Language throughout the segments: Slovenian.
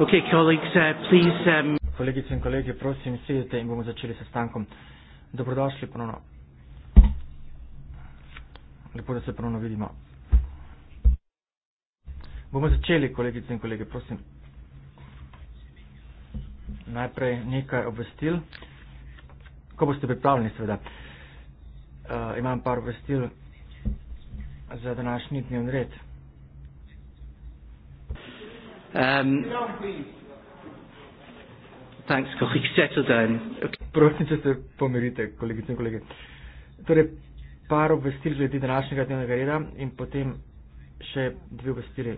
Okay, colleagues, uh, please, um... Kolegice in kolege, prosim, sedite in bomo začeli s stankom. Dobrodošli ponovno. Lepo, da se ponovno vidimo. Bomo začeli, kolegice in kolege, prosim. Najprej nekaj obvestil. Ko boste pripravljeni, seveda. Uh, imam par obvestil za današnji dnevni red. Um, thanks, colleague. Settle down. Okay. Prosim, če se pomirite, kolegice in kolege. Torej, par obvestil glede današnjega dnevnega reda in potem še dve obvestili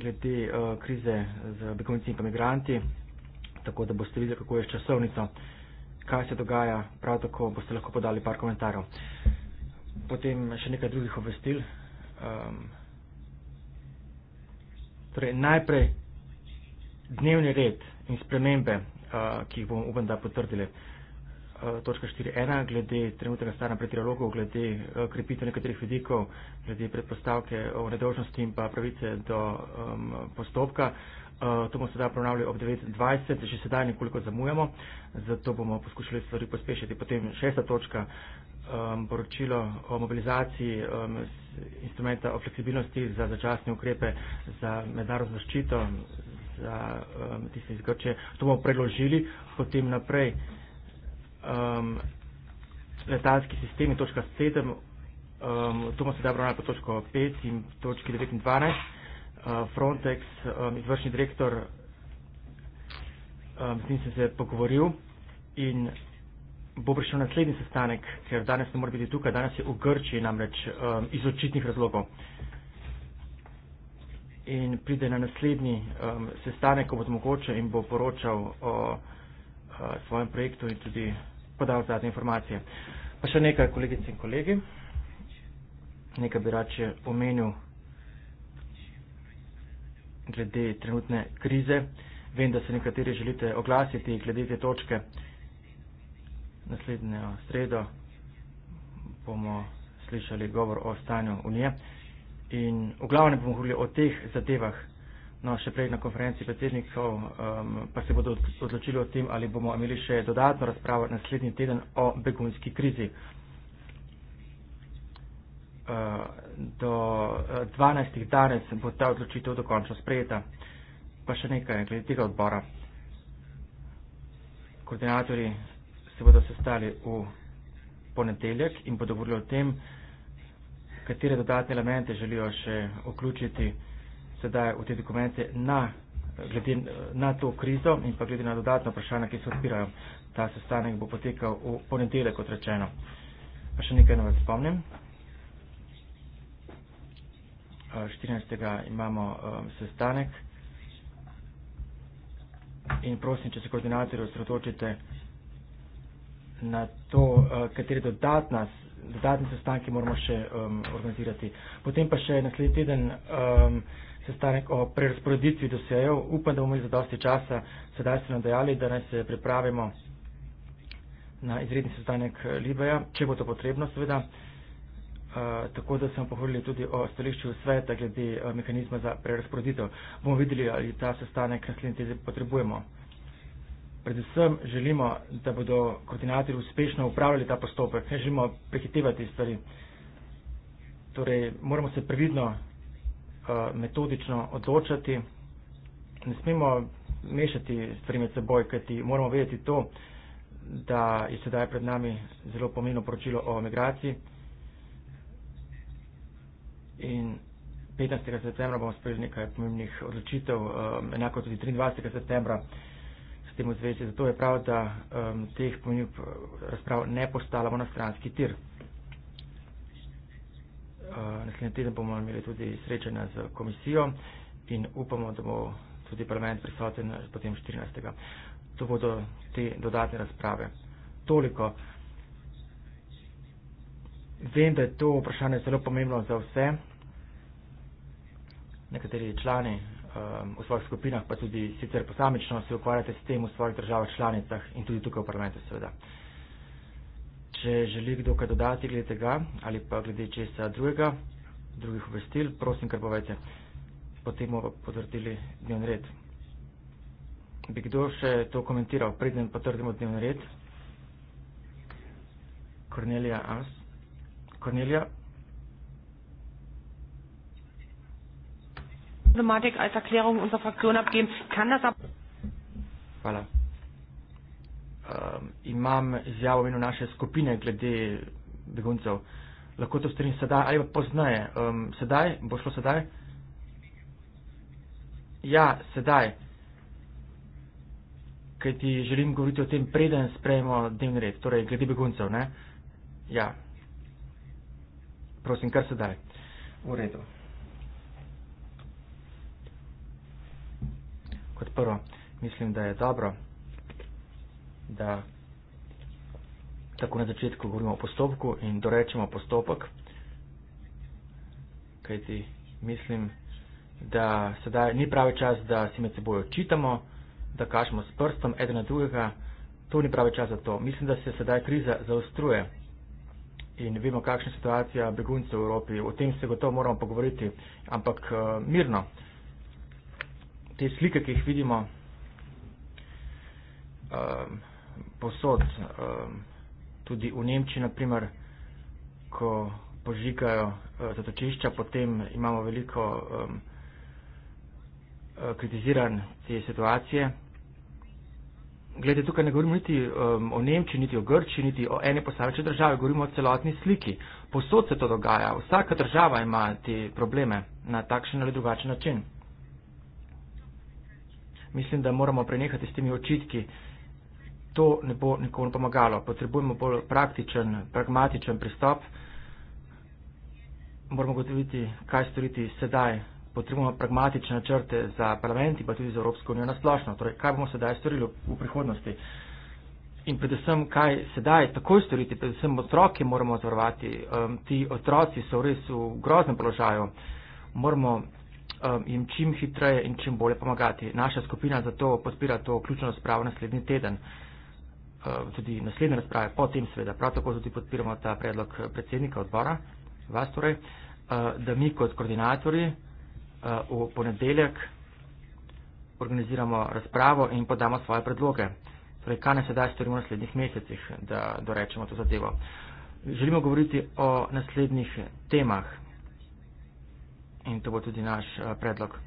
glede uh, krize z begunci in pa migranti, tako da boste videli, kako je s časovnico, kaj se dogaja, prav tako boste lahko podali par komentarjev. Potem še nekaj drugih obvestil. Um, Torej, najprej dnevni red in spremembe, uh, ki jih bom upam, da potrdili. Uh, točka 4.1 glede trenutnega stanja pred dialogov, glede uh, krepitev nekaterih vidikov, glede predpostavke o nedožnosti in pa pravice do um, postopka. Uh, to bomo sedaj pronavljali ob 9.20, že sedaj nekoliko zamujamo, zato bomo poskušali stvari pospešiti. Potem šesta točka, um, poročilo o mobilizaciji um, instrumenta o fleksibilnosti za začasne ukrepe za mednarodno zaščito za um, tiste iz Grče. To bomo predložili potem naprej. Um, letalski sistem je točka 7, um, to bomo sedaj obravnali po točko 5 in točki 9 in 12. Uh, Frontex, um, izvršni direktor, um, z njim sem se pogovoril in bo prišel naslednji sestanek, ker danes ne more biti tukaj, danes je v Grči namreč um, iz očitnih razlogov. In pride na naslednji um, sestanek, ko bo mogoče in bo poročal o, o uh, svojem projektu in tudi podal zadnje informacije. Pa še nekaj, kolegice in kolegi, nekaj bi rače omenil glede trenutne krize. Vem, da se nekateri želite oglasiti glede te točke naslednjo sredo bomo slišali govor o stanju Unije in v glavnem bomo govorili o teh zadevah. No, še prej na konferenci predsednikov um, pa se bodo odločili o tem, ali bomo imeli še dodatno razpravo naslednji teden o begunski krizi. Uh, do 12. Uh, danes bo ta odločitev dokončno sprejeta. Pa še nekaj glede tega odbora. Koordinatorji se bodo sestali v ponedeljek in bodo govorili o tem, katere dodatne elemente želijo še vključiti sedaj v te dokumente na, glede, na to krizo in pa glede na dodatno vprašanje, ki se odpirajo. Ta sestanek bo potekal v ponedeljek, kot rečeno. Pa še nekaj na vas spomnim. 14. Eh, imamo eh, sestanek. In prosim, če se koordinatorji osredotočite na to, uh, eh, kateri dodatna, dodatni sestanki moramo še um, organizirati. Potem pa še naslednji teden um, sestanek o prerasporeditvi dosejev. Upam, da bomo imeli za dosti časa, sedaj ste nam dejali, da naj se pripravimo na izredni sestanek eh, Libeja, če bo to potrebno, seveda. Uh, tako da smo pohvalili tudi o stališču sveta glede uh, mehanizma za prerasporeditev. Bomo videli, ali ta sestanek naslednji teden potrebujemo predvsem želimo, da bodo koordinatorji uspešno upravljali ta postopek, ne želimo prehitevati stvari. Torej, moramo se previdno, eh, metodično odločati, ne smemo mešati stvari med seboj, kajti moramo vedeti to, da je sedaj pred nami zelo pomembno poročilo o migraciji. In 15. septembra bomo sprejeli nekaj pomembnih odločitev, eh, enako tudi 23. septembra tem v zvezi. Zato je prav, da um, teh pomenjiv razprav ne postalamo na stranski tir. Uh, naslednji teden bomo imeli tudi srečanja z komisijo in upamo, da bo tudi parlament prisoten eh, potem 14. To bodo te dodatne razprave. Toliko. Vem, da je to vprašanje zelo pomembno za vse. Nekateri člani Um, v svojih skupinah, pa tudi sicer posamično se ukvarjate s tem v svojih državah članicah in tudi tukaj v parlamentu seveda. Če želi kdo kaj dodati glede tega ali pa glede česa drugega, drugih obvestil, prosim, kar povejte. Potem bomo potrdili dnevni red. Bi kdo še to komentiral, preden potrdimo dnevni red? Kornelija, Ars. Kornelija, Problematik als Erklärung unserer Fraktion abgeben. Kann das ab. Hvala. Um, imam izjavo v imenu naše skupine glede beguncev. Lahko to strinjam sedaj ali pa poznaje. Um, ehm, sedaj? Bo šlo sedaj? Ja, sedaj. Kaj ti želim govoriti o tem, preden sprejmo dnevni red, torej glede beguncev, ne? Ja. Prosim, kar sedaj. V redu. kot prvo, mislim, da je dobro, da tako na začetku govorimo o postopku in dorečemo postopek, kajti mislim, da sedaj ni pravi čas, da si med seboj očitamo, da kažemo s prstom eden na drugega, to ni pravi čas za to. Mislim, da se sedaj kriza zaostruje in vemo, kakšna situacija beguncev v Evropi, o tem se gotovo moramo pogovoriti, ampak eh, mirno te slike, ki jih vidimo um, posod, um, tudi v Nemčiji, naprimer, ko požigajo uh, eh, zatočišča, potem imamo veliko um, kritiziran te situacije. Glede, tukaj ne govorimo niti um, o Nemčiji, niti o Grči, niti o ene posamečne države, govorimo o celotni sliki. Posod se to dogaja, vsaka država ima te probleme na takšen ali drugačen način mislim, da moramo prenehati s temi očitki. To ne bo nikomu pomagalo. Potrebujemo bolj praktičen, pragmatičen pristop. Moramo gotoviti, kaj storiti sedaj. Potrebujemo pragmatične načrte za parlament in pa tudi za Evropsko unijo nasplošno. Torej, kaj bomo sedaj storili v prihodnosti? In predvsem, kaj sedaj takoj storiti, predvsem otroke moramo zavarovati. Um, ti otroci so res v groznem položaju. Moramo um, jim čim hitreje in čim bolje pomagati. Naša skupina zato podpira to ključno razpravo naslednji teden, um, tudi naslednje razprave, potem seveda prav tako tudi podpiramo ta predlog predsednika odbora, vas torej, uh, da mi kot koordinatori uh, v ponedeljek organiziramo razpravo in podamo svoje predloge. Torej, kaj ne sedaj storimo v naslednjih mesecih, da dorečemo to zadevo. Želimo govoriti o naslednjih temah in to bo tudi naš eh, predlog.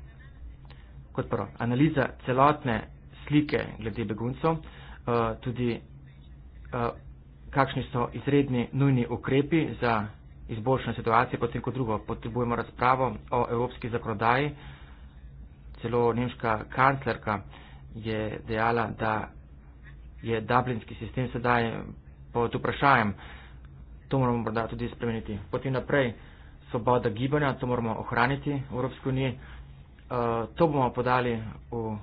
Kot prvo, analiza celotne slike glede beguncov, eh, tudi eh, kakšni so izredni nujni ukrepi za izboljšanje situacije, potem kot drugo potrebujemo razpravo o evropski zakonodaji. Celo nemška kanclerka je dejala, da je dublinski sistem sedaj pod vprašanjem. To moramo morda tudi spremeniti. Potem naprej svoboda gibanja, to moramo ohraniti v Evropski uniji. Eh, to bomo podali v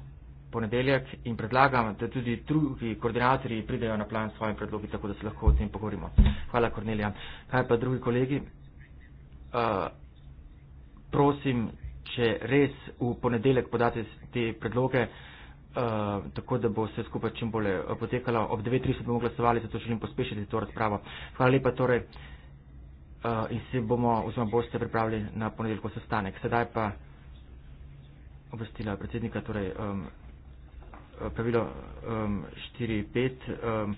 ponedeljek in predlagam, da tudi drugi koordinatorji pridejo na plan s svojimi predlogi, tako da se lahko o tem pogovorimo. Hvala, Kornelija. Kaj pa drugi kolegi? Eh, prosim, če res v ponedeljek podate te predloge. Uh, tako da bo vse skupaj čim bolje potekalo. Ob 9.30 bomo glasovali, zato želim pospešiti to razpravo. Hvala lepa torej. Uh, uh, in si bomo oziroma boste pripravili na ponedeljko sestanek. Sedaj pa obvestila predsednika, torej um, pravilo um, 4.5. Um,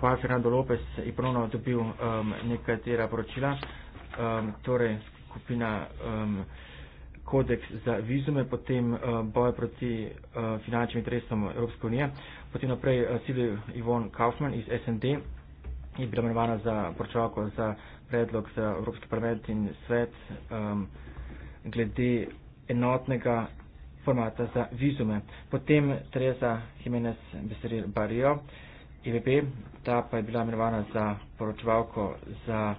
hvala Fernando Lopez je ponovno dobil um, nekatera poročila, um, torej skupina um, kodeks za vizume, potem uh, eh, boje proti uh, finančnim interesom Evropske unije, potem naprej uh, Silvio Ivon Kaufman iz SND, je bila imenovana za poročevalko za predlog za Evropski parlament in svet um, glede enotnega formata za vizume. Potem Teresa Jimenez Beseril Barrio, IVP, e ta pa je bila imenovana za poročevalko za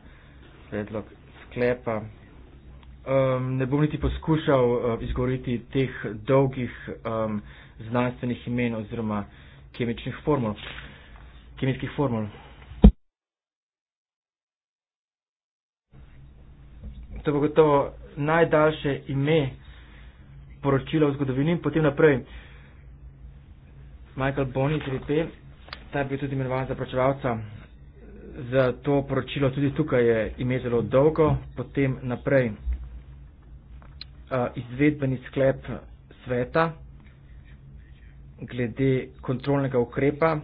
predlog sklepa. Um, ne bom niti poskušal uh, izgovoriti teh dolgih um, znanstvenih imen oziroma kemičnih formul, kemijskih formul. to bo gotovo najdaljše ime poročila v zgodovini. Potem naprej, Michael Boni, 3P, ta je bil tudi imenovan za pročevalca za to poročilo, tudi tukaj je ime zelo dolgo. Potem naprej, uh, izvedbeni sklep sveta glede kontrolnega ukrepa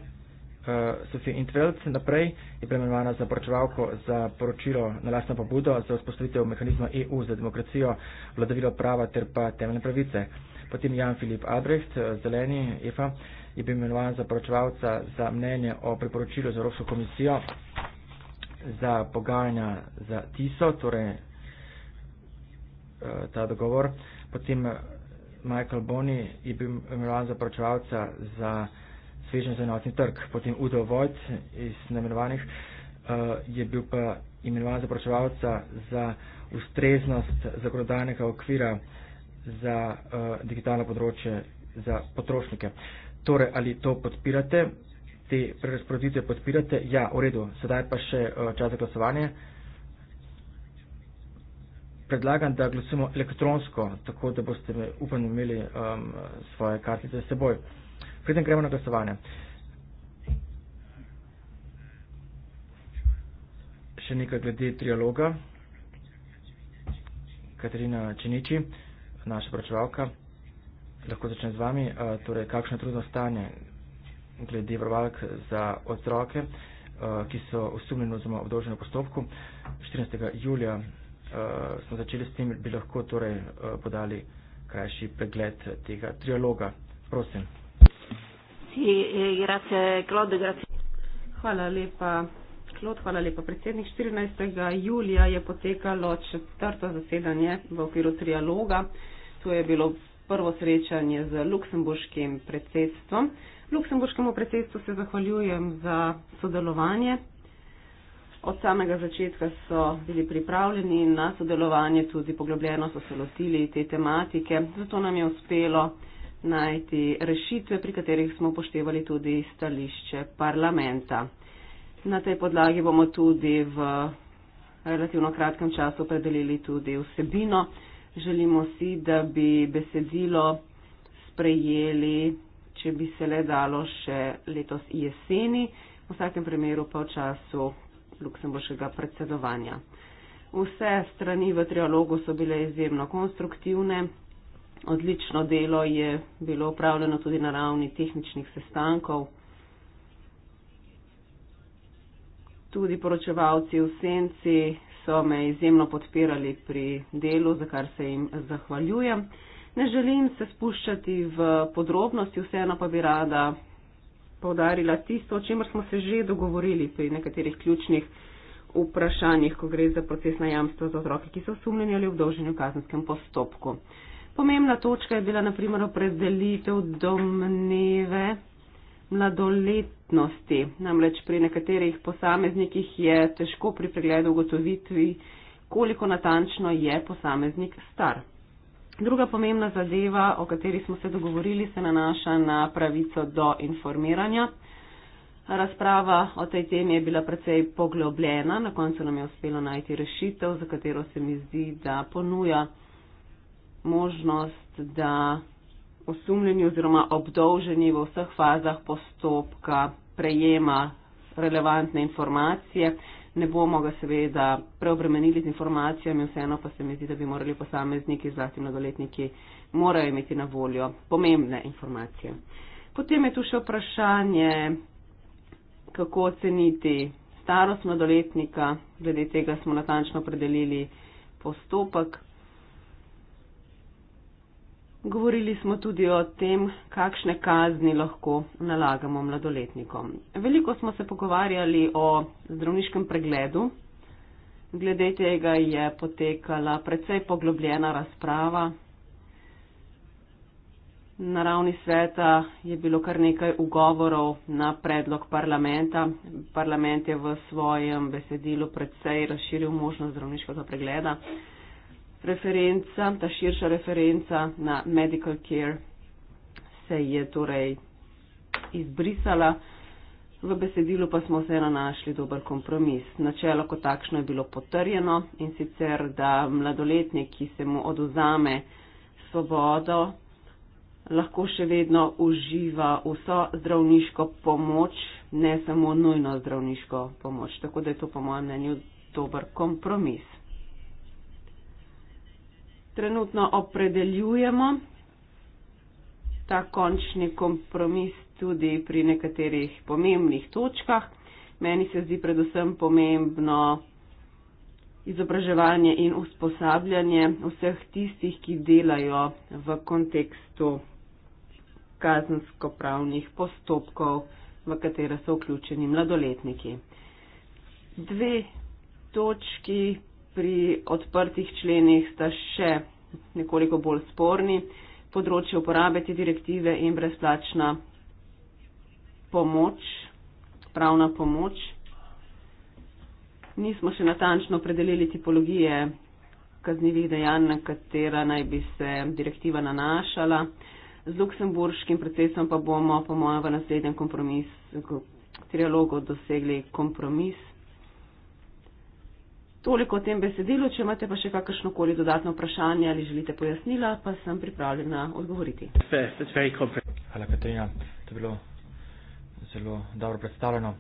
uh, eh, Sofijo Intveld, naprej je premenovana za poročevalko za poročilo na lastno pobudo za vzpostavitev mehanizma EU za demokracijo, vladavilo prava ter pa temeljne pravice. Potem Jan Filip Albrecht, eh, zeleni EFA, je bil imenovan za poročevalca za mnenje o priporočilu za Evropsko komisijo za pogajanja za TISO, torej eh, ta dogovor. Potem Michael Boni je bil imenovan za poročevalca za svežen za enotni trg. Potem Udo Vojc iz namenovanih uh, eh, je bil pa imenovan za proševalca za ustreznost zakonodajnega okvira za uh, digitalno področje za potrošnike. Torej, ali to podpirate, te prerasporeditve podpirate? Ja, v redu. Sedaj pa še uh, čas za glasovanje. Predlagam, da glasujemo elektronsko, tako da boste, upam, imeli um, svoje kartice s seboj. Preden gremo na glasovanje. Še nekaj glede trialoga. Katarina Čeniči, naša pračevalka, lahko začne z vami. A, torej, kakšno trudno stanje glede vrvalk za otroke, a, ki so osumljeni oziroma obdolženi v postopku. 14. julija a, smo začeli s tem, bi lahko torej, a, podali krajši pregled tega trialoga. Prosim. Sì, eh, grazie Claude, grazie. Hvala lepa, Klod, hvala lepa. Predsednik 14. julija je potekalo četrto zasedanje v okviru trialoga. To je bilo prvo srečanje z luksemburškim predsedstvom. Luksemburškemu predsedstvu se zahvaljujem za sodelovanje. Od samega začetka so bili pripravljeni na sodelovanje, tudi poglobljeno so se lotili te tematike. Zato nam je uspelo najti rešitve, pri katerih smo upoštevali tudi stališče parlamenta. Na tej podlagi bomo tudi v relativno kratkem času opredelili tudi vsebino. Želimo si, da bi besedilo sprejeli, če bi se le dalo, še letos jeseni, v vsakem primeru pa v času luksemburškega predsedovanja. Vse strani v trialogu so bile izjemno konstruktivne odlično delo je bilo upravljeno tudi na ravni tehničnih sestankov. Tudi poročevalci v senci so me izjemno podpirali pri delu, za kar se jim zahvaljujem. Ne želim se spuščati v podrobnosti, vseeno pa bi rada povdarila tisto, o čemer smo se že dogovorili pri nekaterih ključnih vprašanjih, ko gre za procesna jamstva za otroke, ki so osumljeni ali obdolženi v kazenskem postopku. Pomembna točka je bila na primer opredelitev domneve mladoletnosti. Namreč pri nekaterih posameznikih je težko pri pregledu ugotovitvi, koliko natančno je posameznik star. Druga pomembna zadeva, o kateri smo se dogovorili, se nanaša na pravico do informiranja. Razprava o tej temi je bila precej poglobljena, na koncu nam je uspelo najti rešitev, za katero se mi zdi, da ponuja možnost, da osumljeni oziroma obdolženi v vseh fazah postopka prejema relevantne informacije. Ne bomo ga seveda preobremenili z informacijami, vseeno pa se mi zdi, da bi morali posamezniki, zlasti mladoletniki, morajo imeti na voljo pomembne informacije. Potem je tu še vprašanje, kako oceniti starost mladoletnika, glede tega smo natančno predelili postopek Govorili smo tudi o tem, kakšne kazni lahko nalagamo mladoletnikom. Veliko smo se pogovarjali o zdravniškem pregledu. Glede tega je potekala precej poglobljena razprava. Na ravni sveta je bilo kar nekaj ugovorov na predlog parlamenta. Parlament je v svojem besedilu precej razširil možnost zdravniškega pregleda referenca, ta širša referenca na medical care se je torej izbrisala. V besedilu pa smo vseeno našli dober kompromis. Načelo kot takšno je bilo potrjeno in sicer, da mladoletnik, ki se mu oduzame svobodo, lahko še vedno uživa vso zdravniško pomoč, ne samo nujno zdravniško pomoč. Tako da je to po mojem mnenju dober kompromis trenutno opredeljujemo. Ta končni kompromis tudi pri nekaterih pomembnih točkah. Meni se zdi predvsem pomembno izobraževanje in usposabljanje vseh tistih, ki delajo v kontekstu kazensko-pravnih postopkov, v katere so vključeni mladoletniki. Dve točki pri odprtih členih sta še nekoliko bolj sporni. Področje uporabe te direktive in brezplačna pomoč, pravna pomoč. Nismo še natančno predelili tipologije kaznjivih dejanj, na katera naj bi se direktiva nanašala. Z luksemburškim procesom pa bomo, po mojem, v naslednjem kompromisu, trialogu dosegli kompromis. Toliko o tem besedilu, če imate pa še kakršno koli dodatno vprašanje ali želite pojasnila, pa sem pripravljena odgovoriti. Hvala, Katarina. To je bilo zelo dobro predstavljeno.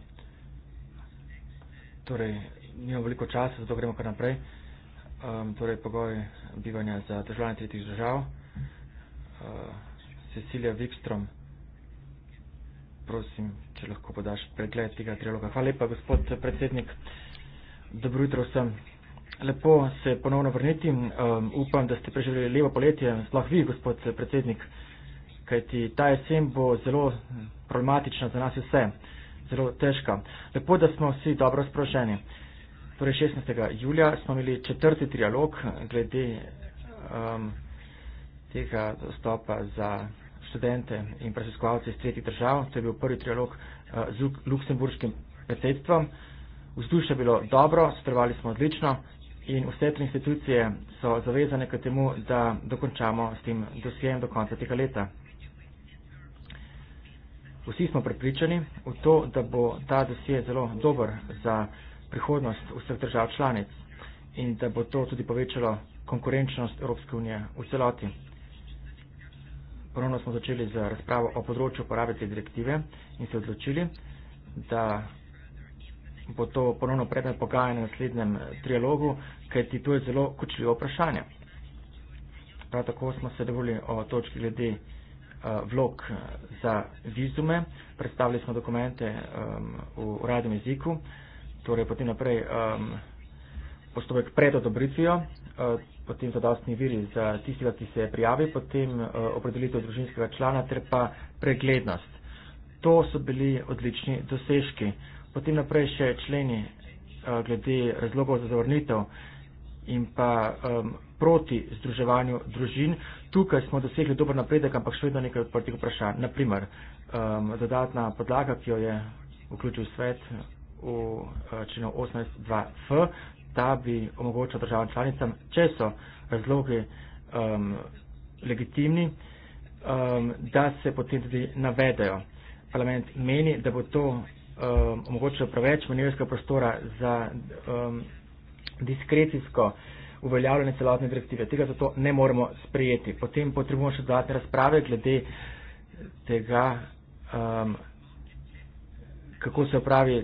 Torej, nimamo veliko časa, zato gremo kar naprej. Um, torej, pogoj bivanja za državljanje tretjih držav. Uh, Cecilija Wikstrom, prosim, če lahko podaš pregled tega triloga. Hvala lepa, gospod predsednik. Dobro jutro vsem. Lepo se ponovno vrniti. Um, upam, da ste preživeli lepo poletje, sploh vi, gospod predsednik, kajti ta jesen bo zelo problematična za nas vse, zelo težka. Lepo, da smo vsi dobro sproženi. Torej 16. julija smo imeli četrti trialog glede um, tega dostopa za študente in preseskovalce iz tretjih držav. To je bil prvi trialog uh, z luksemburškim predsedstvom. Uh, vzdušje je bilo dobro, sodelovali smo odlično in vse tri institucije so zavezane k temu, da dokončamo s tem dosjejem do konca tega leta. Vsi smo prepričani v to, da bo ta dosje zelo dober za prihodnost vseh držav članic in da bo to tudi povečalo konkurenčnost Evropske unije v celoti. Ponovno smo začeli z razpravo o področju uporabe te direktive in se odločili, da bo to ponovno predmet pogajanja na naslednjem eh, trialogu, ker ti to je zelo kočljivo vprašanje. Prav tako smo se dovolili o točki glede eh, vlog eh, za vizume, predstavili smo dokumente um, v uradnem jeziku, torej potem naprej um, postopek pred odobritvijo, uh, potem zadostni viri za tistega, ki se je prijavil, potem uh, opredelitev družinskega člana ter pa preglednost. To so bili odlični dosežki. Potem naprej še členi eh, glede razlogov za zavrnitev in pa um, proti združevanju družin. Tukaj smo dosegli dober napredek, ampak še vedno nekaj odprtih vprašanj. Naprimer, um, dodatna podlaga, ki jo je vključil svet v eh, členu 18.2.f, ta bi omogočila državam članicam, če so razloge um, legitimni, um, da se potem tudi navedajo. Parlament meni, da bo to um, omogočajo preveč manevrskega prostora za um, diskrecijsko uveljavljanje celotne direktive. Tega zato ne moremo sprejeti. Potem potrebujemo še dodatne razprave glede tega, um, kako se opravi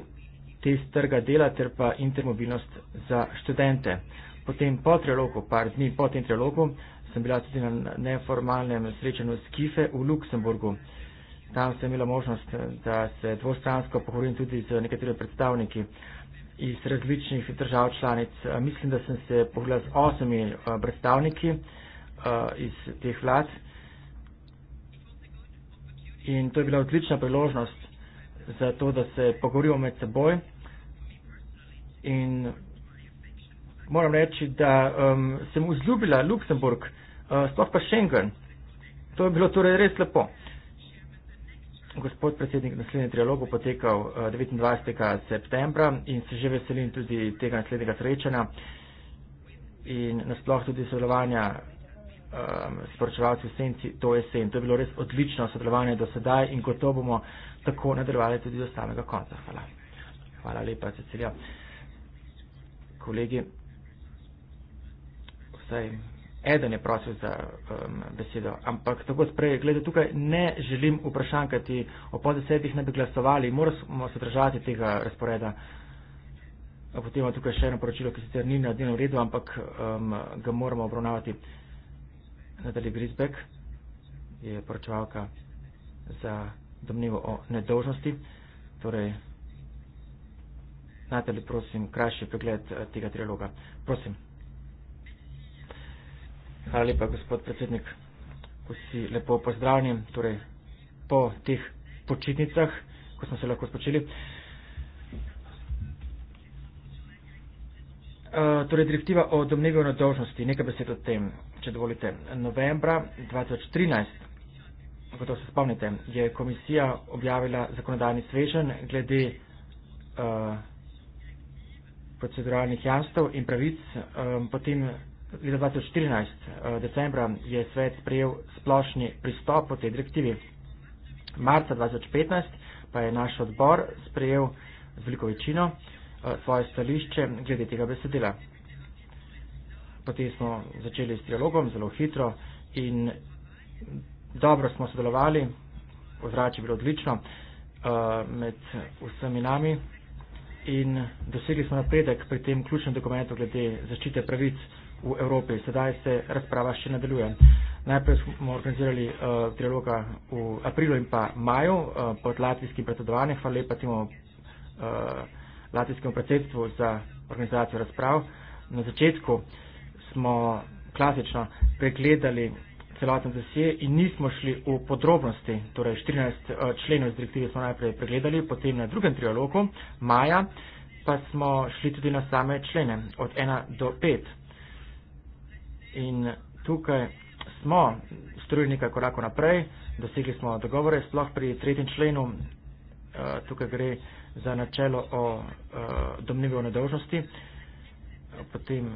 test trga dela ter pa intermobilnost za študente. Potem po trilogu, par dni po tem trilogu, sem bila tudi na neformalnem srečanju s Kife v Luksemburgu. Tam sem imela možnost, eh, da se dvostransko pogovorim tudi z nekaterimi predstavniki iz različnih držav članic. Eh, mislim, da sem se pogledal z osmi eh, predstavniki iz teh vlad in to je bila odlična priložnost za to, da se pogovorimo med seboj in moram reči, da sem vzljubila Luksemburg, sploh pa Schengen. To je bilo torej res lepo gospod predsednik naslednji trialog bo potekal 29. Eh, septembra in se že veselim tudi tega naslednjega srečanja in nasploh tudi sodelovanja um, s poročevalci v senci to jesen. To je bilo res odlično sodelovanje do sedaj in gotovo bomo tako nadaljevali tudi do samega konca. Hvala. Hvala lepa, Cecilija. Kolegi, vsej eden je prosil za um, besedo. Ampak tako sprej, glede tukaj ne želim vprašan, kaj ti o pol desetih ne bi glasovali, moramo se držati tega razporeda. Potem ima tukaj še eno poročilo, ki sicer ni na dnevnem redu, ampak um, ga moramo obravnavati. Nadalje Grisbek je poročevalka za domnevo o nedolžnosti. Torej, Najte li prosim krajši pregled uh, tega triloga. Prosim. Hvala lepa, gospod predsednik. Vsi lepo pozdravljeni. Torej, po teh počitnicah, ko smo se lahko spočeli. Eh, torej, direktiva o domnevi na dožnosti. Nekaj besed o tem, če dovolite. Novembra 2013, kot se spomnite, je komisija objavila zakonodajni svežen glede uh, proceduralnih jamstv in pravic. Um, potem leta 2014, eh, decembra, je svet sprejel splošni pristop po tej direktivi. Marca 2015 pa je naš odbor sprejel z veliko večino eh, svoje stališče glede tega besedila. Potem smo začeli s dialogom zelo hitro in dobro smo sodelovali, ozrač je bilo odlično eh, med vsemi nami in dosegli smo napredek pri tem ključnem dokumentu glede zaščite pravic v Evropi. Sedaj se razprava še nadaljuje. Najprej smo organizirali uh, eh, dialoga v aprilu in pa maju uh, pod latvijskim predsedovanjem. Hvala lepa temu uh, latvijskemu predsedstvu za organizacijo razprav. Na začetku smo klasično pregledali celoten dosje in nismo šli v podrobnosti, torej 14 uh, členov iz direktive smo najprej pregledali, potem na drugem trialogu maja pa smo šli tudi na same člene od 1 do 5 in tukaj smo strujili nekaj korakov naprej, dosegli smo dogovore, sploh pri tretjem členu, eh, tukaj gre za načelo o eh, domnevi o nedožnosti, potem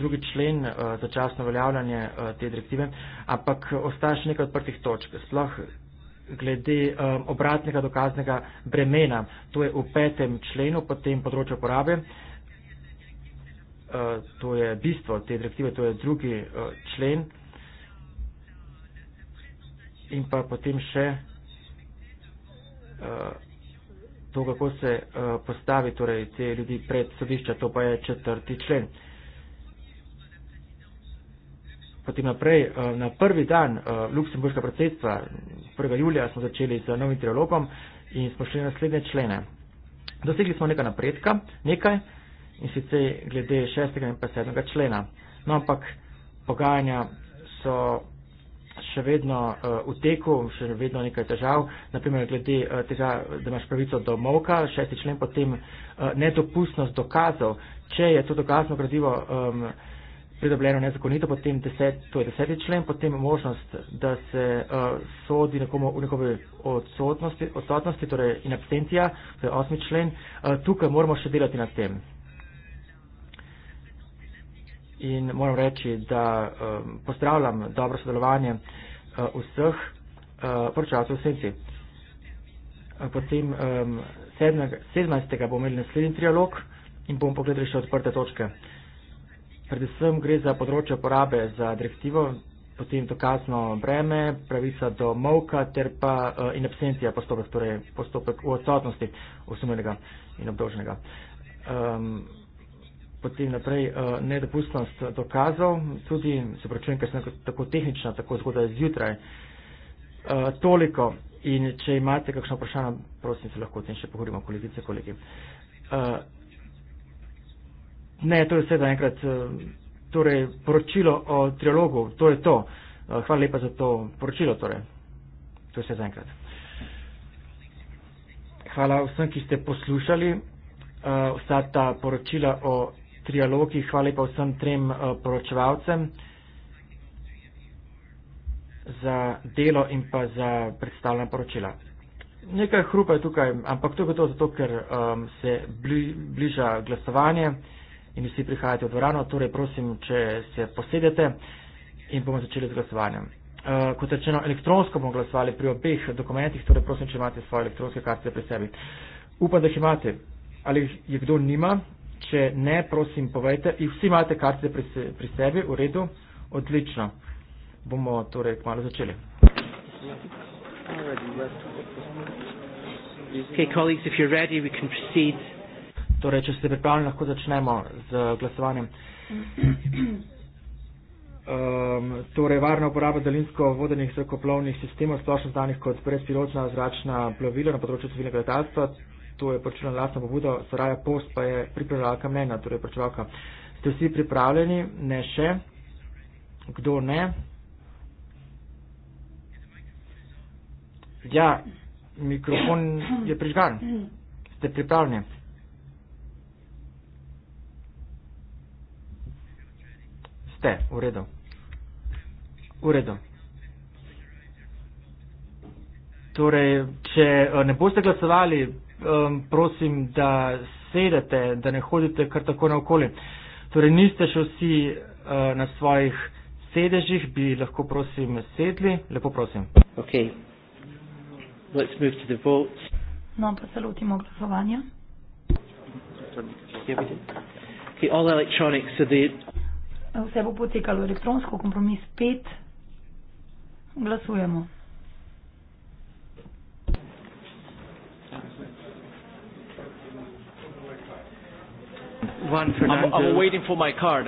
drugi člen, eh, začasno veljavljanje te direktive, ampak ostaja še nekaj odprtih točk, sploh glede um, obratnega dokaznega bremena. To je v petem členu, potem področju porabe. Eh, to je bistvo te direktive, to je drugi eh, člen. In pa potem še eh, to, kako se postavi torej, te ljudi pred sodišča, to pa je četrti člen. Potem naprej, na prvi dan Luksemburška predsedstva, 1. julija, smo začeli z novim trilogom in smo šli na naslednje člene. Dosegli smo nekaj napredka, nekaj in sicer glede šestega in pa sedmega člena. No, ampak pogajanja so še vedno uh, v teku, še vedno nekaj težav, naprimer glede uh, tega, da imaš pravico do molka, šesti člen, potem uh, nedopustnost dokazov, če je to dokazno gradivo um, pridobljeno nezakonito, potem deset, to je deseti člen, potem možnost, da se uh, sodi nekomu v njegovi odsotnosti, odsotnosti, torej in absentija, to je osmi člen, uh, tukaj moramo še delati na tem in moram reči, da um, pozdravljam dobro sodelovanje uh, vseh uh, poročalcev v senci. Uh, potem 17. Um, bomo imeli naslednji trialog in bomo pogledali še odprte točke. Predvsem gre za področje uporabe za direktivo, potem dokazno breme, pravica do mavka ter pa in absencija postopek, torej postopek v odsotnosti osumljenega in obdolženega. Um, potem naprej uh, nedopustnost dokazov, tudi se pravčujem, ker sem tako tehnična, tako zgodaj zjutraj. Uh, toliko in če imate kakšno vprašanje, prosim se lahko o tem še pogovorimo, kolegice, kolegi. Uh, ne, to je vse, da enkrat, uh, torej poročilo o trilogu, to je to. Uh, hvala lepa za to poročilo, torej. To je vse za enkrat. Hvala vsem, ki ste poslušali uh, vsa ta poročila o trialogi, hvala pa vsem trem eh, poročevalcem za delo in pa za predstavljena poročila. Nekaj hrupa je tukaj, ampak to je gotovo zato, ker um, se bli, bliža glasovanje in vsi prihajate v dvorano, torej prosim, če se posedete in bomo začeli z glasovanjem. Uh, kot rečeno, elektronsko bomo glasovali pri obeh dokumentih, torej prosim, če imate svoje elektronske kartice pri sebi. Upam, da jih imate. Ali jih kdo nima, Če ne, prosim, povejte. I vsi imate kartice pri, se, pri sebi, v redu, odlično. Bomo torej kmalo začeli. Okay, colleagues, if you're ready, we can proceed. Torej, če ste pripravljeni, lahko začnemo z glasovanjem. Um, torej, varna uporaba daljinsko vodenih zrakoplovnih sistemov, splošno znanih kot brezpilotna zračna plovila na področju civilnega letalstva, to je poročilo na lastno pobudo, Soraja Post pa je pripravljalka mnenja, torej poročilovka. Ste vsi pripravljeni? Ne še? Kdo ne? Ja, mikrofon je prižgan. Ste pripravljeni? Ste, v redu. V redu. Torej, če eh, ne boste glasovali, um, prosim, da sedete, da ne hodite kar tako naokoli. Torej, niste še vsi uh, na svojih sedežih, bi lahko prosim sedli. Lepo prosim. No, pa se lotimo glasovanja. Vse bo potekalo elektronsko, kompromis 5. Glasujemo. Juan Fernando. I'm, I'm waiting for my card.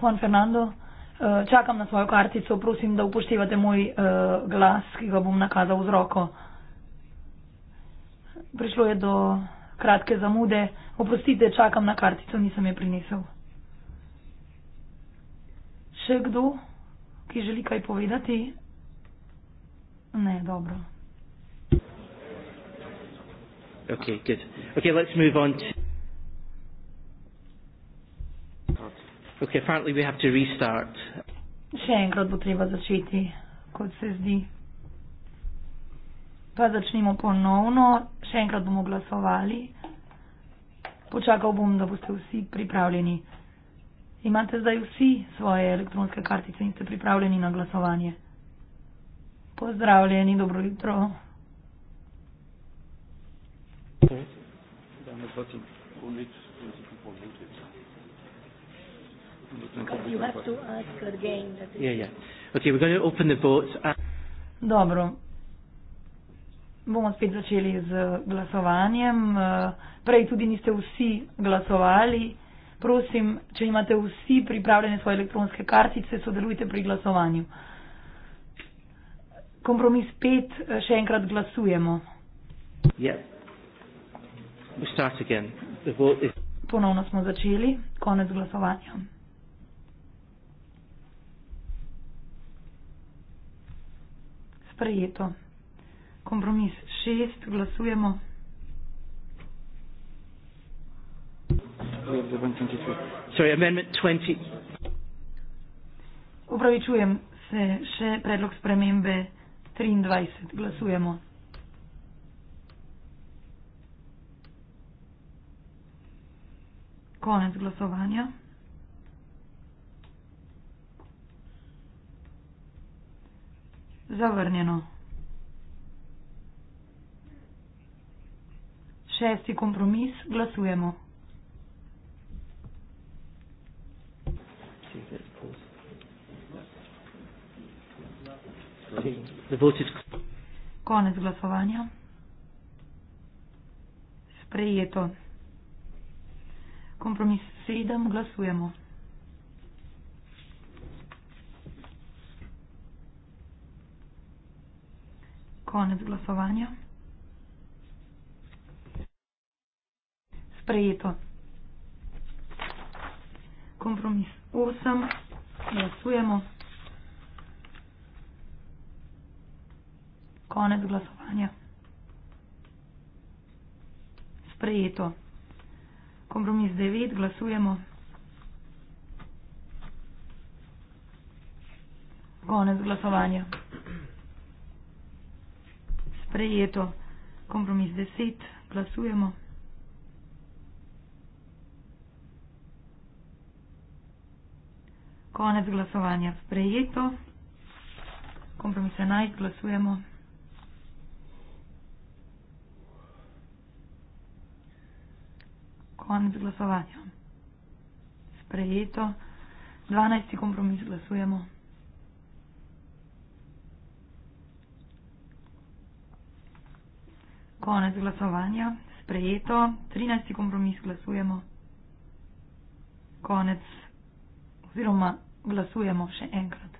Juan Fernando, eh, čakam na svojo kartico, prosim, da upoštevate moj eh, glas, ki ga bom nakazal z roko. Prišlo je do kratke zamude. Oprostite, čakam na kartico, nisem je prinesel. Še kdo, ki želi kaj povedati? Ne, dobro. Okay, good. Okay, let's move on to Okay, apparently we have to restart. Še enkrat bo treba začeti, kot se zdi. Pa začnimo ponovno, še enkrat bomo glasovali. Počakal bom, da boste vsi pripravljeni. Imate zdaj vsi svoje elektronske kartice in ste pripravljeni na glasovanje. Pozdravljeni, dobro jutro. Danes pa sem v nič, da sem pozvučil. Yeah, yeah. Okay, open the boat. Dobro. Bomo spet začeli z glasovanjem. Eh, prej tudi niste vsi glasovali. Prosim, če imate vsi pripravljene svoje elektronske kartice, sodelujte pri glasovanju. Kompromis pet, eh, še enkrat glasujemo. Yeah. We'll start again. The vote is... Ponovno smo začeli. Konec glasovanja. sprejeto. Kompromis šest, glasujemo. Upravičujem se še predlog spremembe 23. Glasujemo. Konec glasovanja. Zavrnjeno. Šesti kompromis, glasujemo. Konec glasovanja. Sprejeto. Kompromis sedem, glasujemo. konec glasovanja. Sprejeto. Kompromis 8. Glasujemo. Konec glasovanja. Sprejeto. Kompromis 9. Glasujemo. Konec glasovanja sprejeto. Kompromis 10, glasujemo. Konec glasovanja sprejeto. Kompromis 11, glasujemo. Konec glasovanja. Sprejeto. 12. kompromis glasujemo. Konec glasovanja. Sprejeto. 13. kompromis glasujemo. Konec. Oziroma glasujemo še enkrat.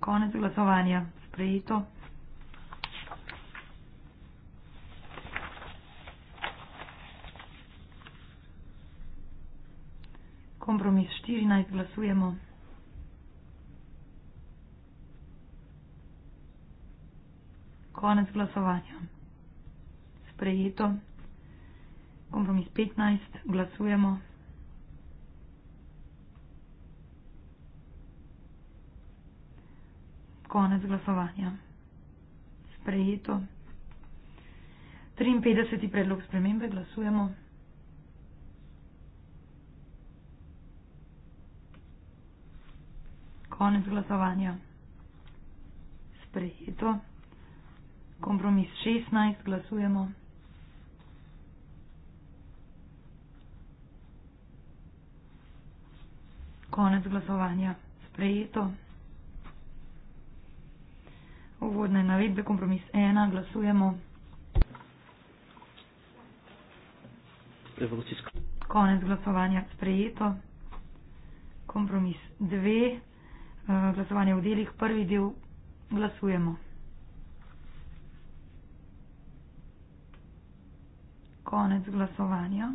Konec glasovanja. Sprejeto. Kompromis 14 glasujemo. konec glasovanja. Sprejeto. Kompromis 15. Glasujemo. Konec glasovanja. Sprejeto. 53. predlog spremembe. Glasujemo. Konec glasovanja. Sprejeto. Kompromis 16, glasujemo. Konec glasovanja. Sprejeto. Uvodne navedbe, kompromis 1, glasujemo. Konec glasovanja. Sprejeto. Kompromis 2, eh, glasovanje v delih, prvi del, glasujemo. konec glasovanja.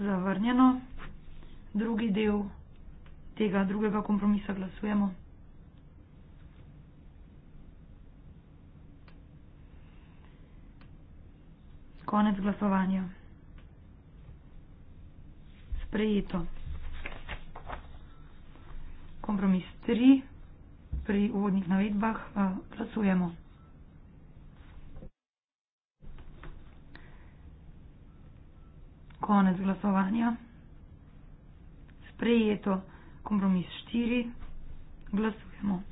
Zavrnjeno. Drugi del tega drugega kompromisa glasujemo. Konec glasovanja. Sprejeto. Kompromis 3 pri uvodnih navedbah eh, glasujemo. Uh, konec glasovanja. Sprejeto kompromis 4. Glasujemo.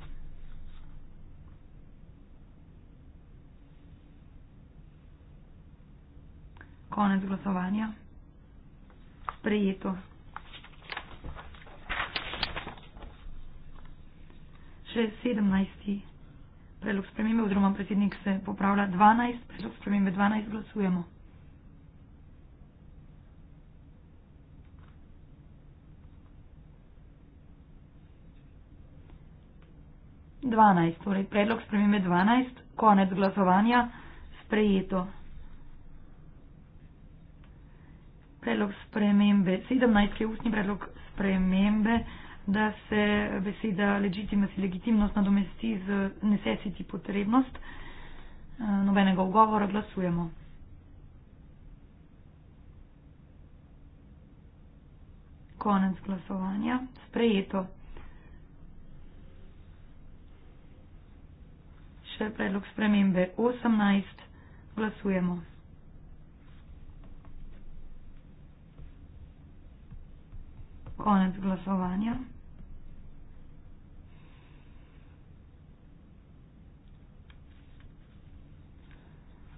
Konec glasovanja. Sprejeto. Še 17. predlog spremembe, oziroma predsednik se popravlja 12, predlog spremembe 12 glasujemo. 12, torej predlog spremembe 12, konec glasovanja, sprejeto. Predlog spremembe 17, ki je ustni predlog spremembe, da se beseda legitimnost, legitimnost nadomesti z necessity potrebnost, eh, nobenega ugovora glasujemo. Konec glasovanja, sprejeto. še predlog spremembe 18. Glasujemo. Konec glasovanja.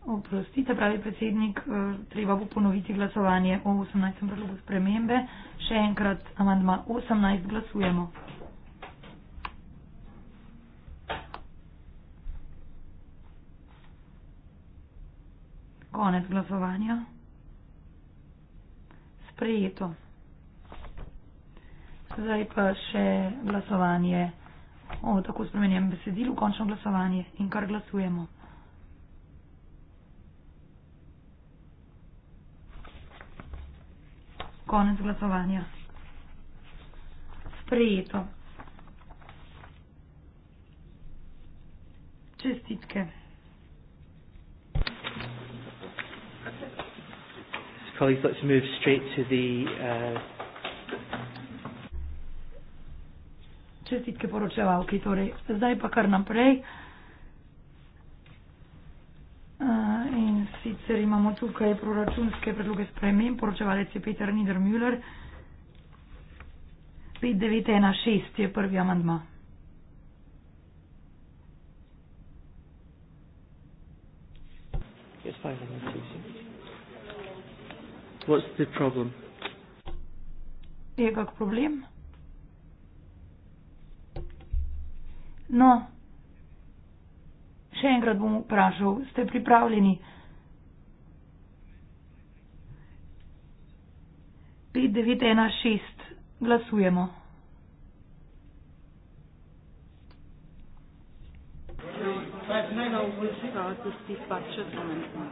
Oprostite, pravi predsednik, eh, treba bo ponoviti glasovanje o 18. predlogu spremembe. Še enkrat amandma 18 glasujemo. konec glasovanja. Sprejeto. Zdaj pa še glasovanje o tako spremenjenem besedilu, končno glasovanje in kar glasujemo. Konec glasovanja. Sprejeto. Čestitke. colleagues, let's move straight to the uh Čestitke poročevalki, torej zdaj pa kar naprej. Uh, in sicer imamo tukaj proračunske predloge sprememb, poročevalec je Peter Niedermüller. 5916 je prvi amandma. Yes, five minutes. What's the problem? Je kak problem? No, še enkrat bom vprašal, ste pripravljeni? 5916, glasujemo. Naj ga uvršiva, da se ti pa še zmanjka.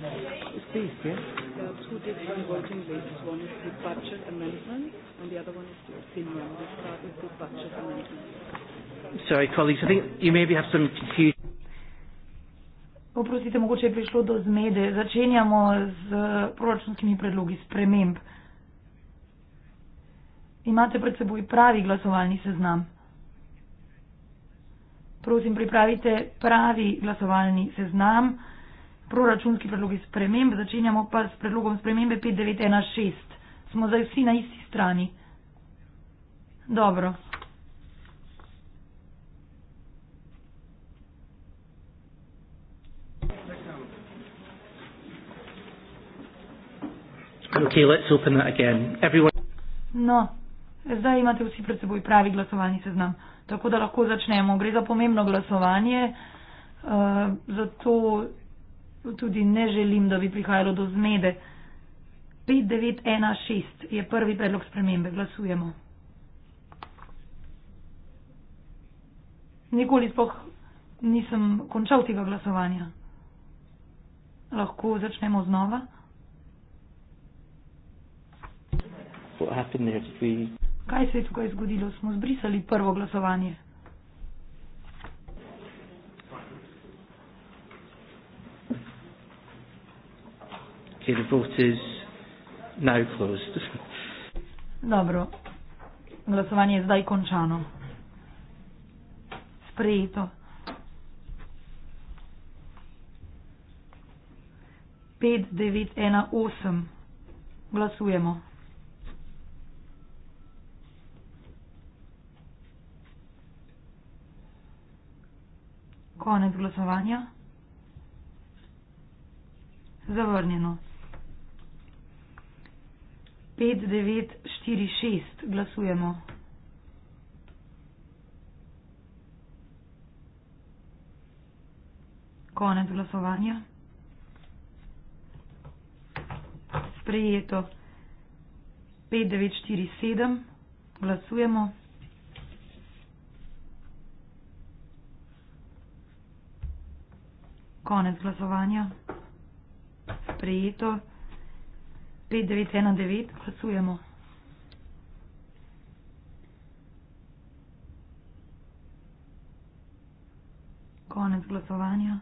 Please, there are two different voting bases. One is the budget amendment, and the other one is the opinion. We start with the budget amendment. Sorry, colleagues, I think you maybe have some confusion. Oprostite, mogoče je prišlo do zmede. Začenjamo z proračunskimi predlogi sprememb. Imate pred seboj pravi glasovalni seznam. Prosim, pripravite pravi glasovalni seznam proračunski predlogi sprememb, začenjamo pa s predlogom spremembe 5916. Smo zdaj vsi na isti strani. Dobro. Okay, let's open that again. Everyone... No, zdaj imate vsi pred seboj pravi glasovalni seznam, tako da lahko začnemo. Gre za pomembno glasovanje, uh, zato Tudi ne želim, da bi prihajalo do zmede. 5916 je prvi predlog spremembe. Glasujemo. Nikoli spoh nisem končal tega glasovanja. Lahko začnemo znova. Kaj se je tukaj zgodilo? Smo zbrisali prvo glasovanje. he reported no clause. Dobro. Glasovanje je zdaj končano. Sprejeto. Pet, devet, ena, osem. Glasujemo. Konec glasovanja. Zavrnjeno pet, devet, štiri, šest, glasujemo. Konec glasovanja. Sprejeto. 5, 9, 4, 7. Glasujemo. Konec glasovanja. Sprejeto. 5919, glasujemo. Konec glasovanja.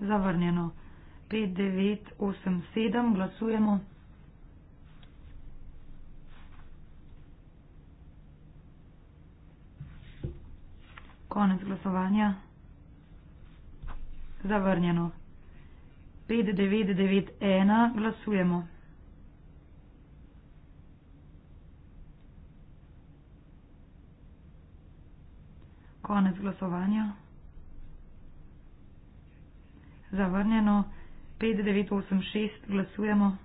Zavrnjeno. 5987, glasujemo. Konec glasovanja. Zavrnjeno. 5991 glasujemo. Konec glasovanja. Zavrnjeno. 5986 glasujemo.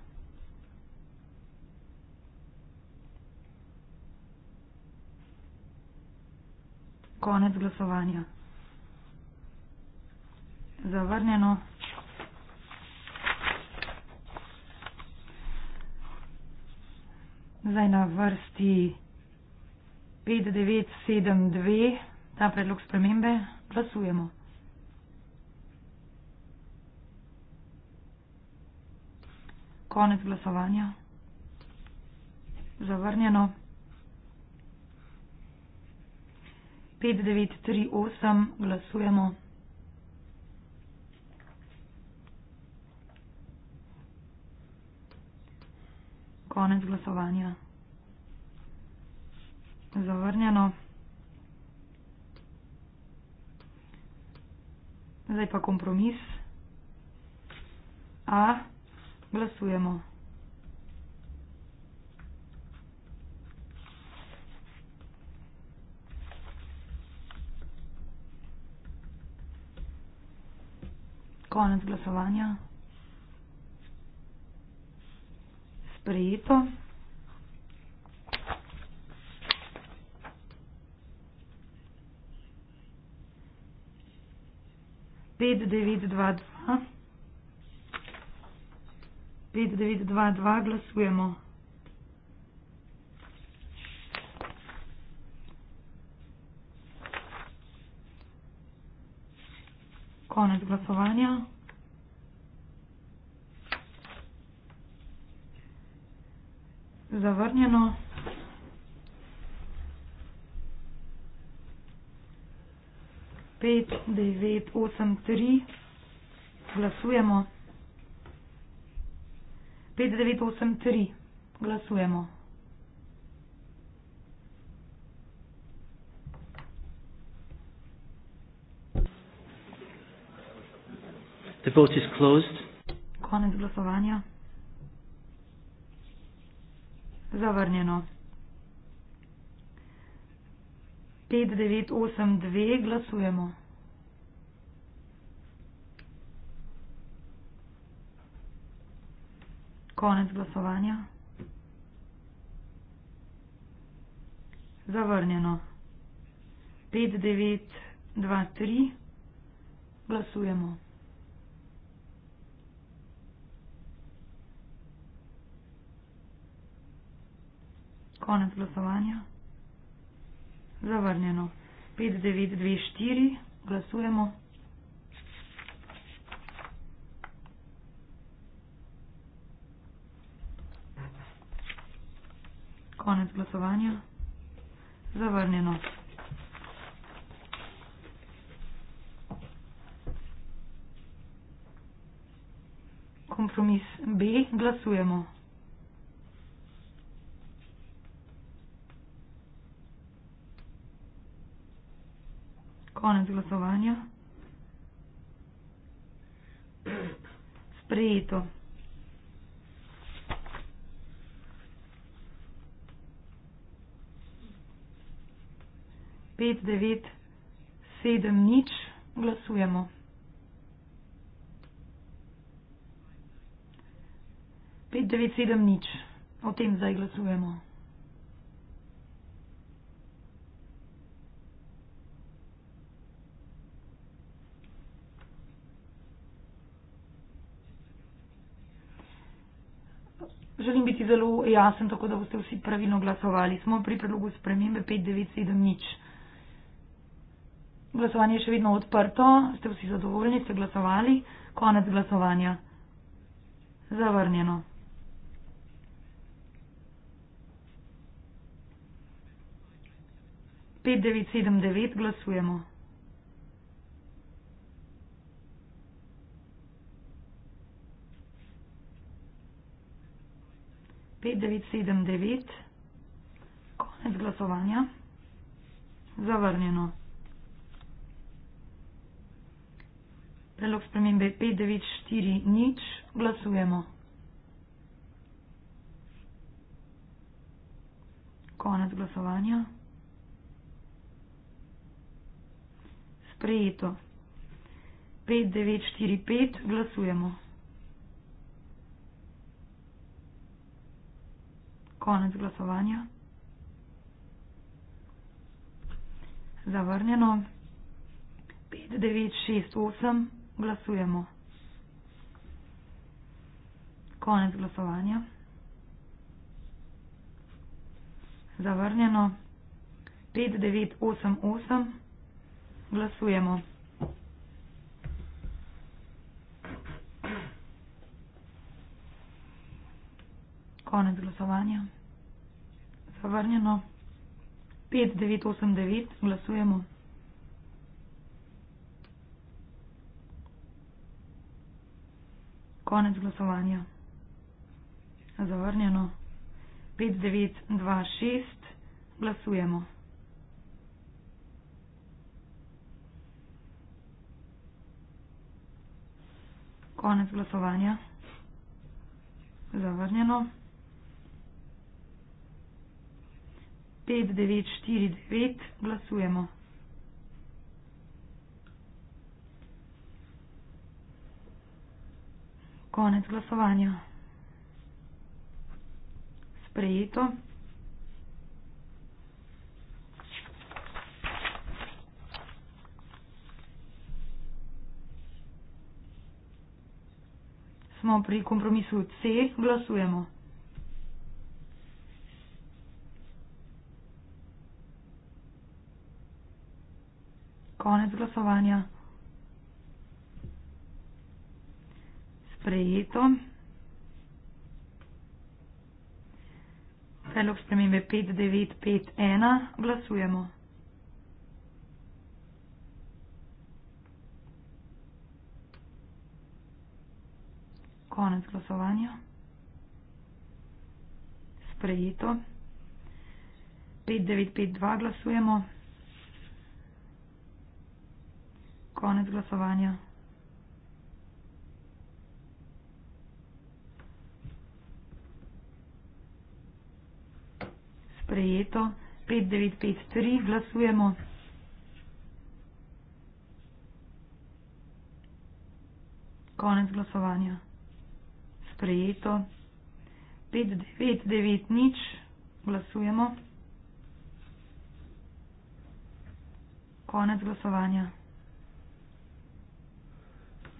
Konec glasovanja. Zavrnjeno. Zdaj na vrsti 5972 ta predlog spremembe. Glasujemo. Konec glasovanja. Zavrnjeno. 5938 glasujemo. Konec glasovanja. Zavrnjeno. Zdaj pa kompromis. A. Glasujemo. Konec glasovanja. sprejeto. Pet devet dva dva. Pet devet dva dva glasujemo. Konec glasovanja. Zavrnjeno. Pet, devet, osem, tri. Glasujemo. Pet, devet, osem, tri. Glasujemo. The vote is closed. Konec glasovanja zavrnjeno. 5982 glasujemo. Konec glasovanja. Zavrnjeno. 5923 glasujemo. Konec glasovanja. Zavrnjeno. 5924. Glasujemo. Konec glasovanja. Zavrnjeno. Kompromis B. Glasujemo. Konec glasovanja. Sprejeto. Pet, devet, sedem, nič. Glasujemo. Pet, devet, sedem, nič. O tem zdaj glasujemo. želim biti zelo jasen, tako da boste vsi pravilno glasovali. Smo pri predlogu spremembe 5970. Glasovanje je še vedno odprto, ste vsi zadovoljni, ste glasovali, konec glasovanja. Zavrnjeno. 5979 glasujemo. 5979, konec glasovanja, zavrnjeno. Predlog spremembe 594 nič, glasujemo. Konec glasovanja. Sprejeto. 5945, glasujemo. Konec glasovanja. Zavrnjeno. 5, 9, 6, 8. Glasujemo. Konec glasovanja. Zavrnjeno. 5, 9, 8, 8. Glasujemo. Konec glasovanja. Zavrnjeno. 5989 glasujemo. Konec glasovanja. Zavrnjeno. 5926 glasujemo. Konec glasovanja. Zavrnjeno. 5949 glasujemo. Konec glasovanja. Sprejeto. Smo pri kompromisu C, glasujemo. Konec glasovanja. Sprejeto. Predlog spremembe 5951. Glasujemo. Konec glasovanja. Sprejeto. 5952 glasujemo. konec glasovanja. Sprejeto. 5953 glasujemo. Konec glasovanja. Sprejeto. 5990 glasujemo. Konec glasovanja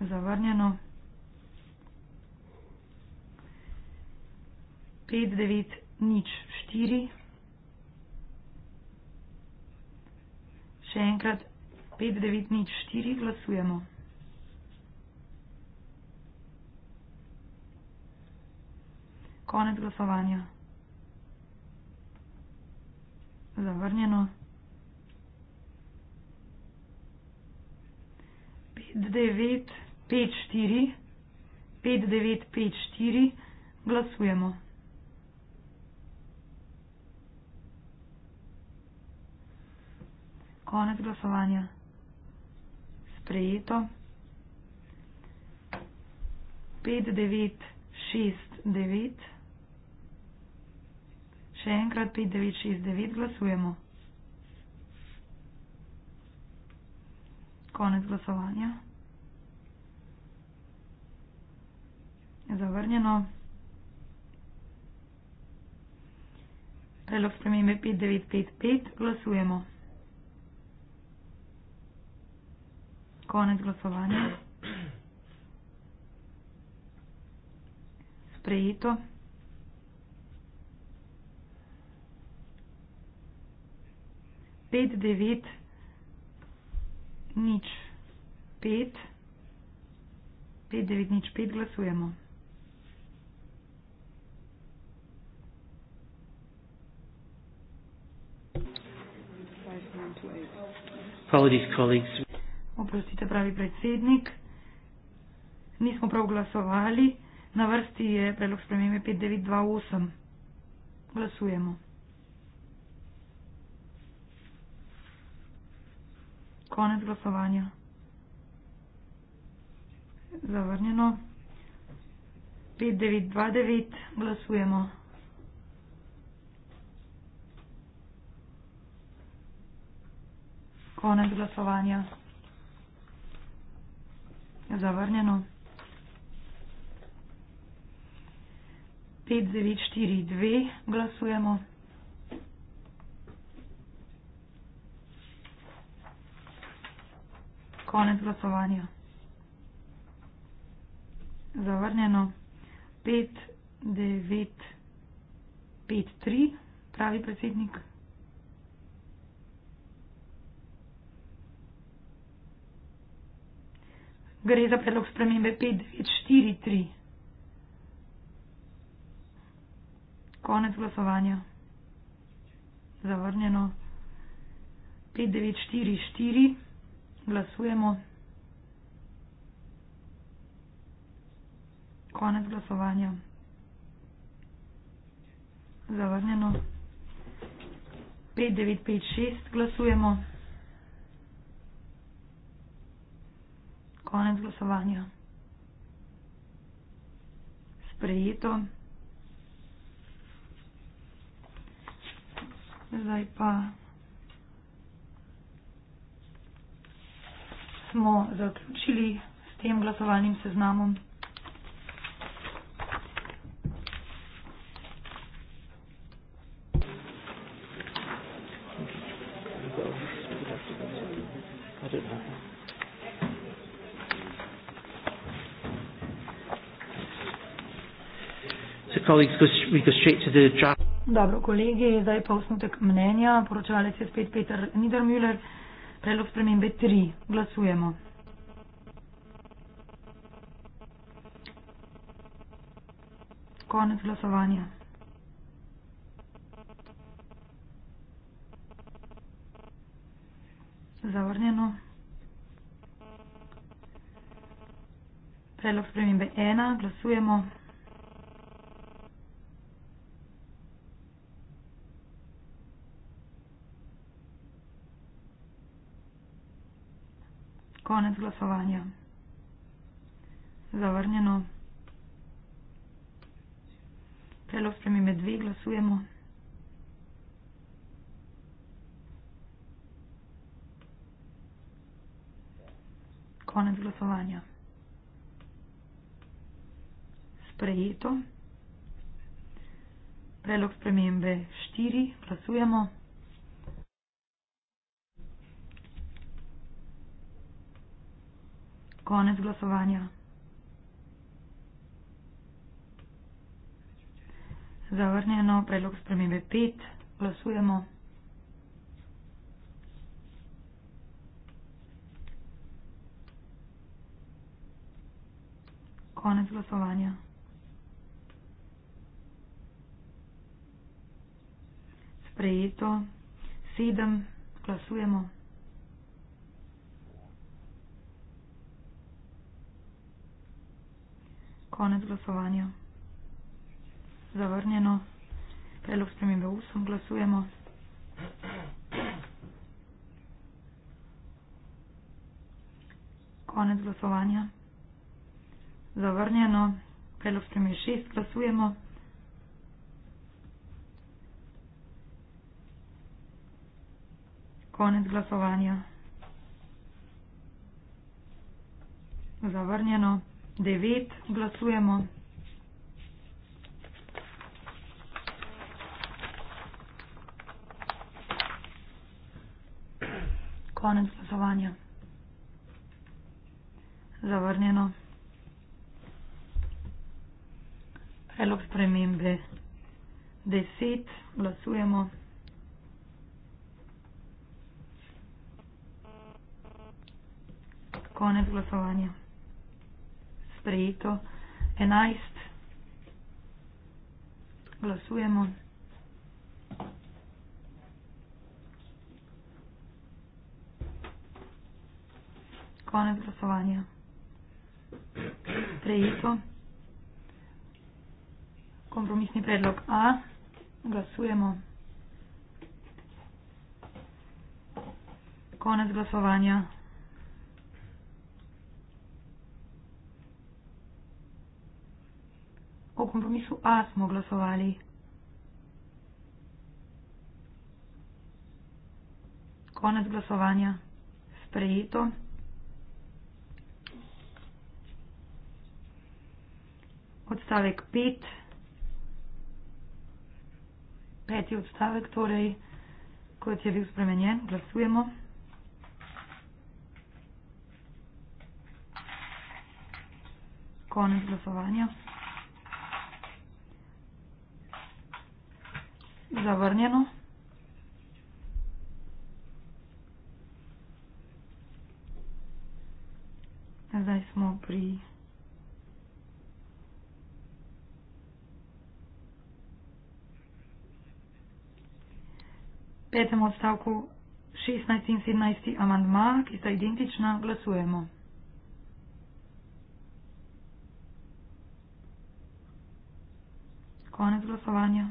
zavrnjeno. 5, 9, nič, 4. Še enkrat 5, 9, nič, 4 glasujemo. Konec glasovanja. Zavrnjeno. 5, 9, 4 pet štiri, pet devet pet štiri, glasujemo. Konec glasovanja. Sprejeto. Pet devet šest devet. Še enkrat pet devet šest devet glasujemo. Konec glasovanja. zavrnjeno. Predlog spremembe 5955 glasujemo. Konec glasovanja. Sprejeto. Pet, devet, nič, pet, pet, devet, nič, pet glasujemo. Apologies, colleagues. Oprostite, pravi predsednik. Nismo prav glasovali. Na vrsti je predlog spremembe 5928. Glasujemo. Konec glasovanja. Zavrnjeno. 5929. Glasujemo. Konec glasovanja. Zavrnjeno. 5942 glasujemo. Konec glasovanja. Zavrnjeno. 5953 pravi predsednik. gre za predlog spremembe 5943. Konec glasovanja. Zavrnjeno. 5944. Glasujemo. Konec glasovanja. Zavrnjeno. 5956. Glasujemo. konec glasovanja. Sprejeto. Zdaj pa smo zaključili s tem glasovalnim seznamom. Dobro, kolegi, zdaj pa osnutek mnenja. Poročevalec je spet Peter Niedermüller. Predlog spremembe 3. Glasujemo. Konec glasovanja. Zavrnjeno. Predlog spremembe 1. Glasujemo. Konec glasovanja. Zavrnjeno. Predlog spremembe dve glasujemo. Konec glasovanja. Sprejeto. Predlog spremembe štiri glasujemo. konec glasovanja. Zavrnjeno, predlog spremembe 5, glasujemo. Konec glasovanja. Sprejeto, sedem, glasujemo. konec glasovanja. Zavrnjeno. Predlog spremembe usom glasujemo. Konec glasovanja. Zavrnjeno. Predlog spremembe šest glasujemo. Konec glasovanja. Zavrnjeno. 9 glasujemo. Konec glasovanja. Zavrnjeno. Predlog spremembe 10 glasujemo. Konec glasovanja sprejeto. 11. Glasujemo. Konec glasovanja. Prejeto. Kompromisni predlog A. Glasujemo. Konec glasovanja. o kompromisu A smo glasovali. Konec glasovanja. Sprejeto. Odstavek 5. Peti odstavek, torej, kot je bil spremenjen, glasujemo. Konec glasovanja. Zavrnjeno. Zdaj smo pri petem odstavku 16 in 17 amandma, ki sta identična, glasujemo. Konec glasovanja.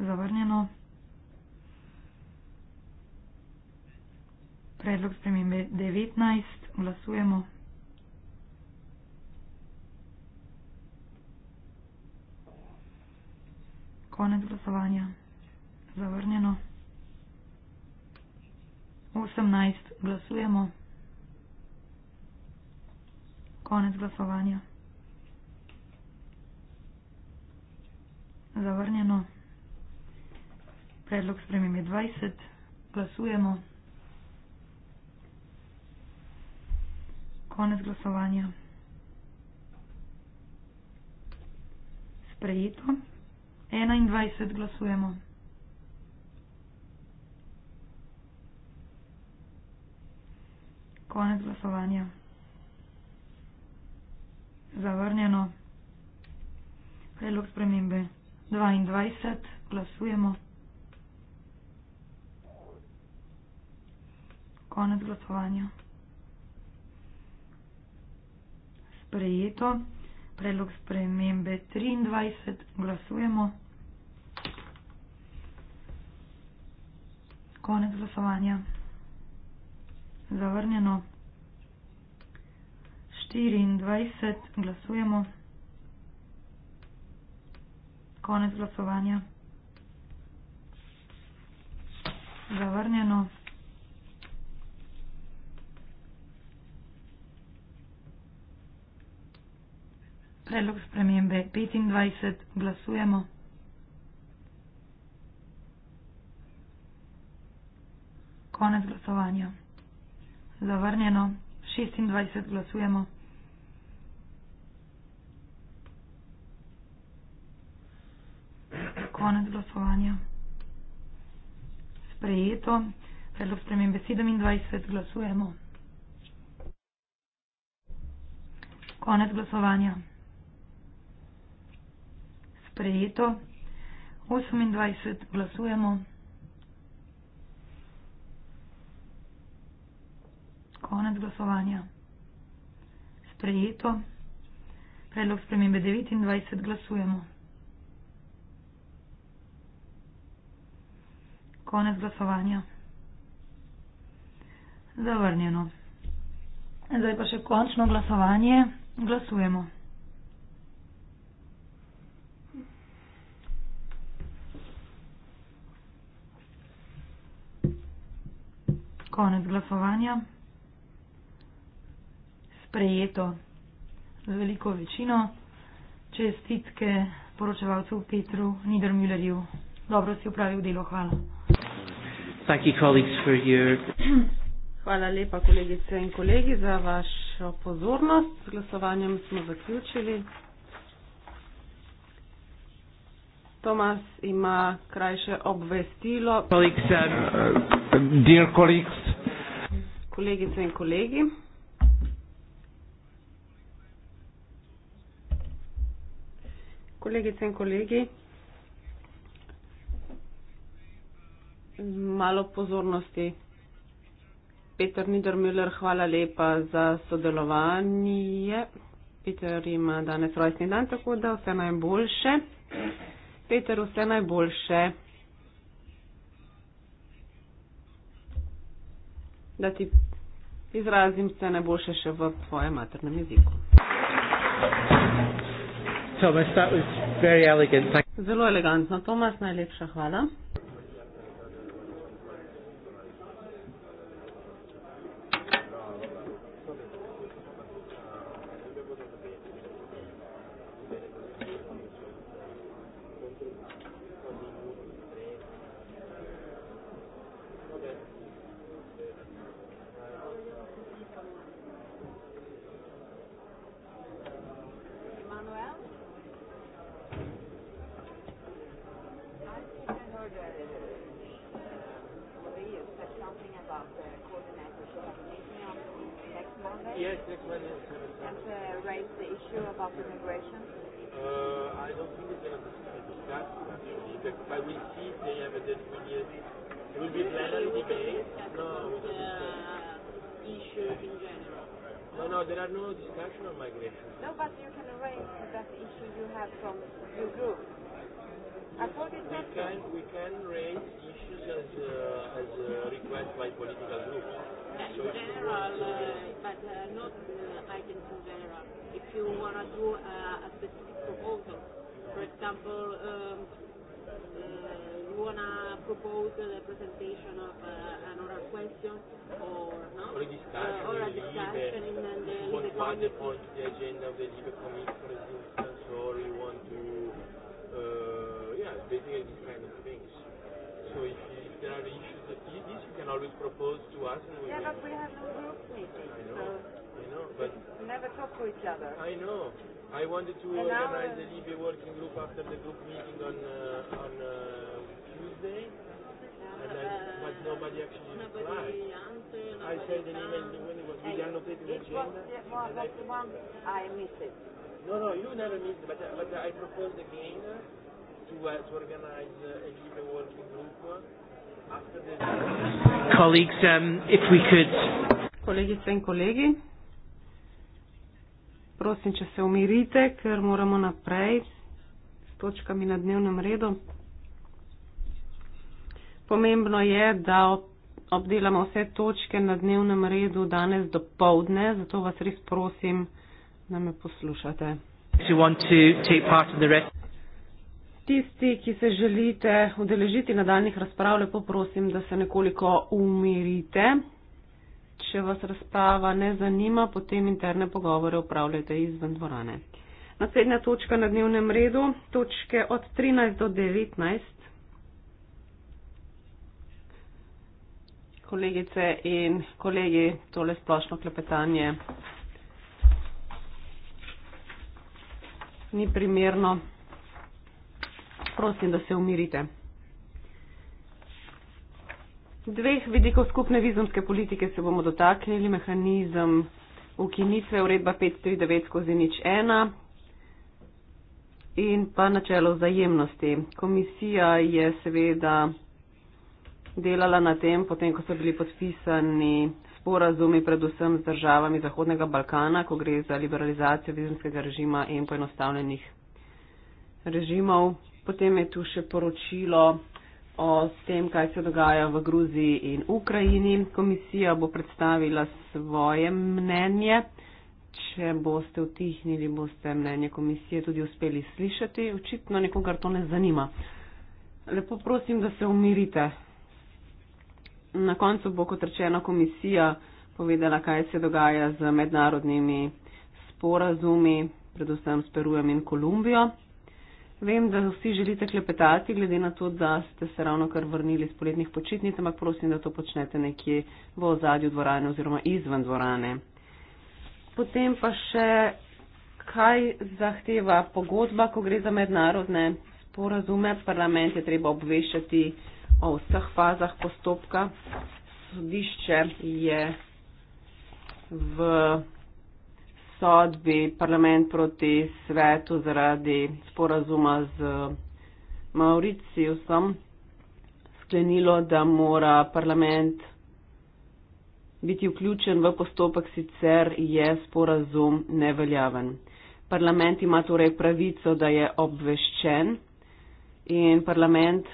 Zavrnjeno. Predlog spremembe 19. Glasujemo. Konec glasovanja. Zavrnjeno. 18. Glasujemo. Konec glasovanja. Zavrnjeno. Predlog sprememb je 20. Glasujemo. Konec glasovanja. Sprejeto. 21. Glasujemo. Konec glasovanja. Zavrnjeno. Predlog spremembe 22. Glasujemo. Konec glasovanja. Sprejeto. Predlog spremembe 23. Glasujemo. Konec glasovanja. Zavrnjeno. 24. Glasujemo. Konec glasovanja. Zavrnjeno. Predlog spremembe 25 glasujemo. Konec glasovanja. Zavrnjeno. 26 glasujemo. Konec glasovanja. Sprejeto. Predlog spremembe 27 glasujemo. Konec glasovanja sprejeto. 28 glasujemo. Konec glasovanja. Sprejeto. Predlog spremembe 29 glasujemo. Konec glasovanja. Zavrnjeno. Zdaj pa še končno glasovanje. Glasujemo. konec glasovanja. Sprejeto z veliko večino. Čestitke poročevalcu Petru Niedermüllerju. Dobro si upravil delo, hvala. Hvala lepa, kolegice in kolegi, za vašo pozornost. Z glasovanjem smo zaključili. Tomas ima krajše obvestilo. Kolegice. Uh, dear colleagues, kolegice in kolegi. Kolegice in kolegi, malo pozornosti. Peter Niedermüller, hvala lepa za sodelovanje. Peter ima danes rojstni dan, tako da vse najboljše. Peter, vse najboljše. da ti izrazim vse najboljše še v tvojem maternem jeziku. Thomas, that was very elegant. Zelo elegantno, Tomas, najlepša hvala. do never meet, but, uh, but I propose again to, uh, eh, to organize uh, a deeper working group after the. Colleagues, um, if we could. Kolegice in kolegi, prosim, če se umirite, ker moramo naprej s točkami na dnevnem redu. Pomembno je, da obdelamo vse točke na dnevnem redu danes do povdne, zato vas res prosim, da me poslušate. Tisti, ki se želite udeležiti nadaljnih razprav, lepo prosim, da se nekoliko umirite. Če vas razprava ne zanima, potem interne pogovore upravljajte izven dvorane. Naslednja točka na dnevnem redu, točke od 13 do 19. Kolegice in kolegi, tole splošno klepetanje ni primerno. Prosim, da se umirite. Dveh vidikov skupne vizumske politike se bomo dotaknili. Mehanizem ukinitve uredba 539 skozi nič ena in pa načelo vzajemnosti. Komisija je seveda delala na tem, potem ko so bili podpisani sporazumi, predvsem z državami Zahodnega Balkana, ko gre za liberalizacijo vizumskega režima in poenostavljenih režimov. Potem je tu še poročilo o tem, kaj se dogaja v Gruziji in Ukrajini. Komisija bo predstavila svoje mnenje. Če boste vtihnili, boste mnenje komisije tudi uspeli slišati. Očitno nekoga to ne zanima. Lepo prosim, da se umirite na koncu bo, kot rečeno, komisija povedala, kaj se dogaja z mednarodnimi sporazumi, predvsem s Perujem in Kolumbijo. Vem, da vsi želite klepetati, glede na to, da ste se ravno kar vrnili z poletnih počitnic, ampak prosim, da to počnete nekje v ozadju dvorane oziroma izven dvorane. Potem pa še, kaj zahteva pogodba, ko gre za mednarodne sporazume. Parlament je treba obveščati o vseh fazah postopka. Sodišče je v sodbi parlament proti svetu zaradi sporazuma z Mauricijusom sklenilo, da mora parlament biti vključen v postopek, sicer je sporazum neveljaven. Parlament ima torej pravico, da je obveščen in parlament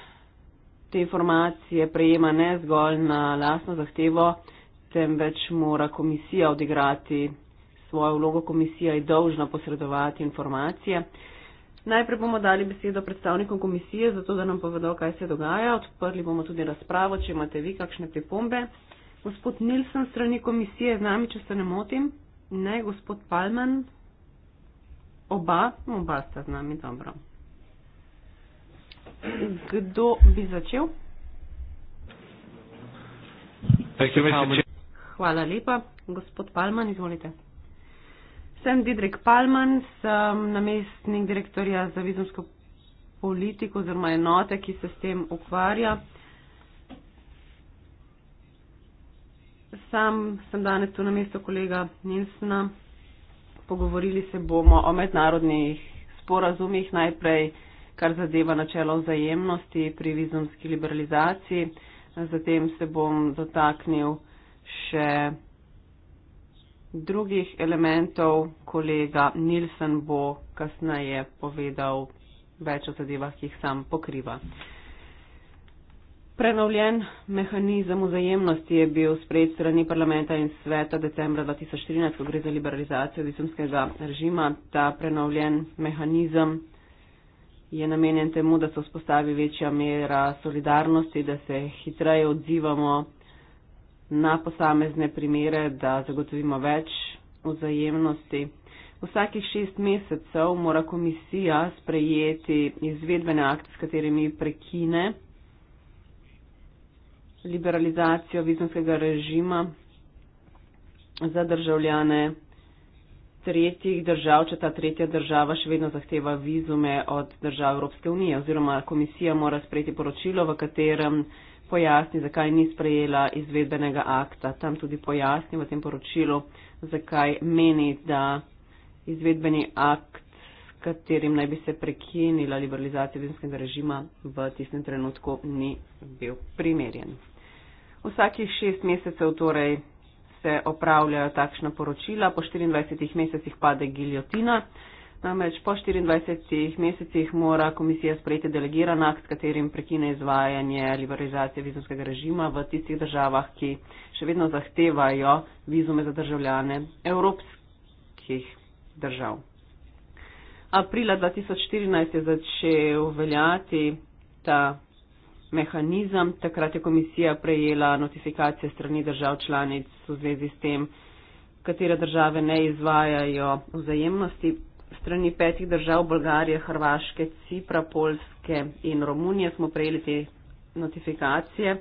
te informacije prejema ne zgolj na lasno zahtevo, temveč mora komisija odigrati svojo vlogo. Komisija je dolžna posredovati informacije. Najprej bomo dali besedo predstavnikom komisije, zato da nam povedo, kaj se dogaja. Odprli bomo tudi razpravo, če imate vi kakšne pripombe. Gospod Nilsen strani komisije z nami, če se ne motim. Ne, gospod Palman. Oba, oba sta z nami, dobro kdo bi začel? Hvala lepa, gospod Palman, izvolite. Sem Didrik Palman, sem namestnik direktorja za vizumsko politiko oziroma enote, ki se s tem ukvarja. Sam sem danes tu na mesto kolega Nilsna. Pogovorili se bomo o mednarodnih sporazumih najprej kar zadeva načelo vzajemnosti pri vizumski liberalizaciji. Zatem se bom dotaknil še drugih elementov. Kolega Nilsen bo kasneje povedal več o zadevah, ki jih sam pokriva. Prenovljen mehanizem vzajemnosti je bil sprejet strani parlamenta in sveta decembra 2013, ko gre za liberalizacijo vizumskega režima. Ta prenovljen mehanizem je namenjen temu, da se vzpostavi večja mera solidarnosti, da se hitreje odzivamo na posamezne primere, da zagotovimo več vzajemnosti. Vsakih šest mesecev mora komisija sprejeti izvedbene akte, s katerimi prekine liberalizacijo vizumskega režima za državljane tretjih držav, če ta tretja država še vedno zahteva vizume od držav Evropske unije, oziroma komisija mora sprejeti poročilo, v katerem pojasni, zakaj ni sprejela izvedbenega akta. Tam tudi pojasni v tem poročilu, zakaj meni, da izvedbeni akt, s katerim naj bi se prekinila liberalizacija vizumskega režima, v tistem trenutku ni bil primerjen. Vsakih šest mesecev torej se opravljajo takšna poročila, po 24 mesecih pade giljotina. Namreč po 24 mesecih mora komisija sprejeti delegiran akt, katerim prekine izvajanje liberalizacije vizumskega režima v tistih državah, ki še vedno zahtevajo vizume za državljane evropskih držav. Aprila 2014 je začel veljati ta mehanizem. Takrat je komisija prejela notifikacije strani držav članic v zvezi s tem, katere države ne izvajajo vzajemnosti. Strani petih držav Bolgarije, Hrvaške, Cipra, Polske in Romunije smo prejeli te notifikacije.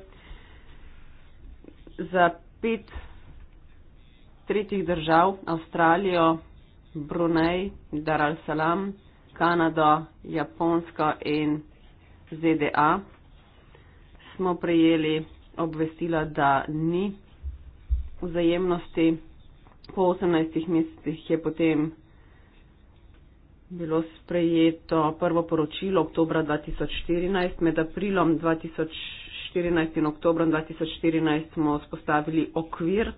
Za pet tretjih držav Avstralijo, Brunei, Dar al-Salam, Kanado, Japonsko in ZDA smo prejeli obvestila, da ni vzajemnosti. Po 18 mesecih je potem bilo sprejeto prvo poročilo oktobra 2014. Med aprilom 2014 in oktobrom 2014 smo spostavili okvir.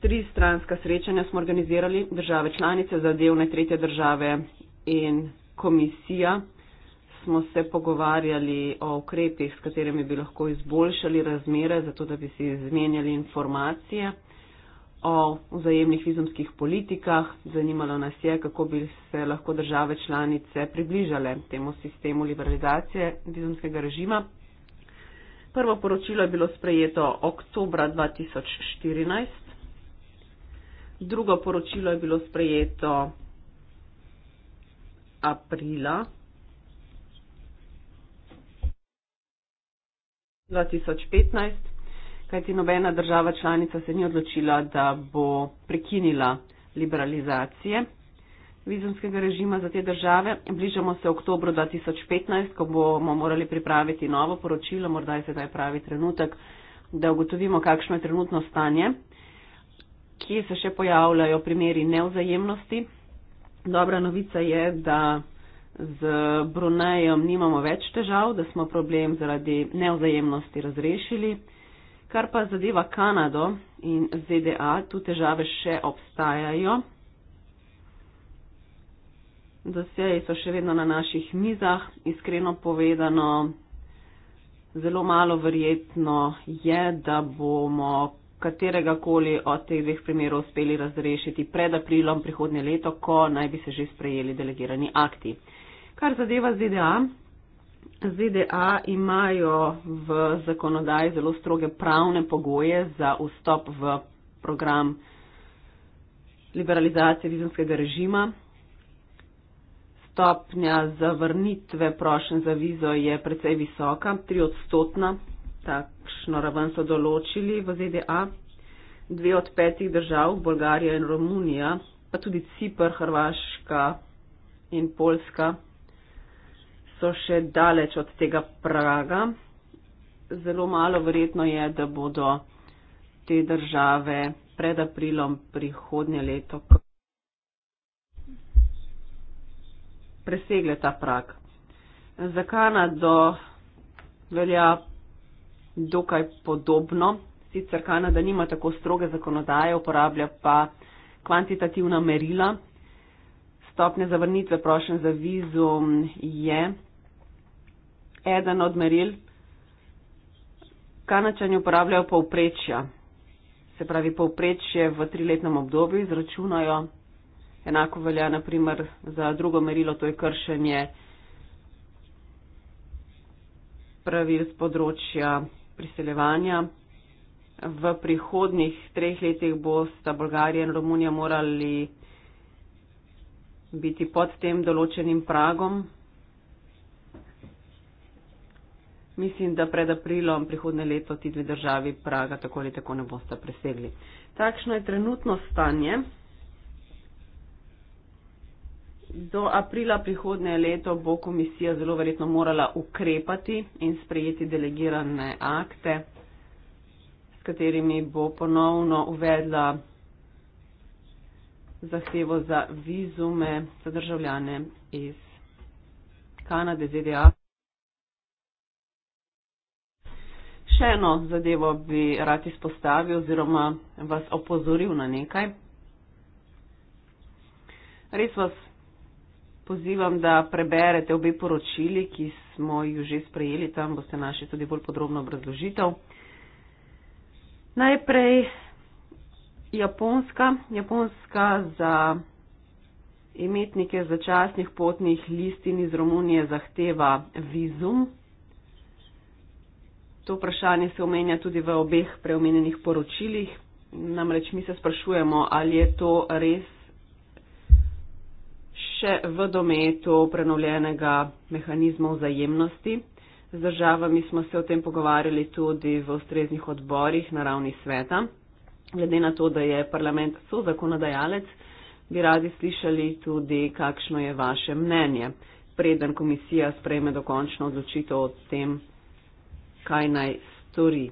Tri stranska srečanja smo organizirali, države članice, zadevne tretje države in komisija smo se pogovarjali o ukrepih, s katerimi bi lahko izboljšali razmere, zato da bi si izmenjali informacije o vzajemnih vizumskih politikah. Zanimalo nas je, kako bi se lahko države članice približale temu sistemu liberalizacije vizumskega režima. Prvo poročilo je bilo sprejeto oktobra 2014, drugo poročilo je bilo sprejeto aprila 2015, kajti nobena država članica se ni odločila, da bo prekinila liberalizacije vizumskega režima za te države. Bližamo se oktobru 2015, ko bomo morali pripraviti novo poročilo, morda je sedaj pravi trenutek, da ugotovimo, kakšno je trenutno stanje, kje se še pojavljajo primeri neuzajemnosti. Dobra novica je, da z Brunejem nimamo več težav, da smo problem zaradi neozajemnosti razrešili. Kar pa zadeva Kanado in ZDA, tu težave še obstajajo. Dosej so še vedno na naših mizah, iskreno povedano, zelo malo verjetno je, da bomo katerega koli od teh dveh primerov uspeli razrešiti pred aprilom prihodnje leto, ko naj bi se že sprejeli delegirani akti. Kar zadeva ZDA, ZDA imajo v zakonodaji zelo stroge pravne pogoje za vstop v program liberalizacije vizumskega režima. Stopnja zavrnitve prošen za vizo je precej visoka, tri odstotna, takšno raven so določili v ZDA. Dve od petih držav, Bolgarija in Romunija, pa tudi Cipr, Hrvaška in Poljska, so še daleč od tega praga. Zelo malo verjetno je, da bodo te države pred aprilom prihodnje leto presegle ta prag. Za Kanado velja dokaj podobno. Sicer Kanada nima tako stroge zakonodaje, uporablja pa kvantitativna merila. Stopnja zavrnitve prošen za vizum je eden od meril. Kanačani uporabljajo povprečja, se pravi povprečje v triletnem obdobju izračunajo. Enako velja naprimer za drugo merilo, to je kršenje pravil z področja priseljevanja. V prihodnih treh letih bo sta Bolgarija in Romunija morali biti pod tem določenim pragom, Mislim, da pred aprilom prihodne leto ti dve državi Praga tako ali tako ne boste presegli. Takšno je trenutno stanje. Do aprila prihodne leto bo komisija zelo verjetno morala ukrepati in sprejeti delegirane akte, s katerimi bo ponovno uvedla zahtevo za vizume za državljane iz Kanade, ZDA. še eno zadevo bi rad izpostavil oziroma vas opozoril na nekaj. Res vas pozivam, da preberete obe poročili, ki smo ju že sprejeli, tam boste našli tudi bolj podrobno obrazložitev. Najprej Japonska. Japonska za imetnike začasnih potnih listin iz Romunije zahteva vizum To vprašanje se omenja tudi v obeh preomenjenih poročilih. Namreč mi se sprašujemo, ali je to res še v dometu prenovljenega mehanizma vzajemnosti. Z državami smo se o tem pogovarjali tudi v ustreznih odborih na ravni sveta. Glede na to, da je parlament so zakonodajalec, bi radi slišali tudi, kakšno je vaše mnenje, preden komisija sprejme dokončno odločitev o tem kaj naj stori.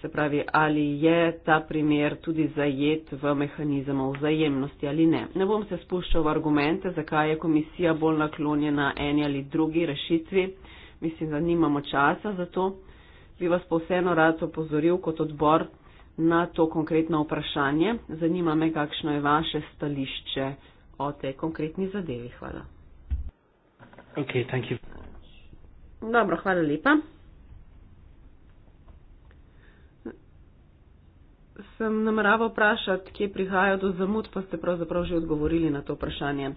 Se pravi, ali je ta primer tudi zajet v mehanizem o vzajemnosti ali ne. Ne bom se spuščal v argumente, zakaj je komisija bolj naklonjena eni ali drugi rešitvi. Mislim, da nimamo časa za to. Bi vas pa vseeno rad opozoril kot odbor na to konkretno vprašanje. Zanima me, kakšno je vaše stališče o tej konkretni zadevi. Hvala. Okay, Dobro, hvala lepa. sem nameraval vprašati, kje prihaja do zamud, pa ste pravzaprav že odgovorili na to vprašanje.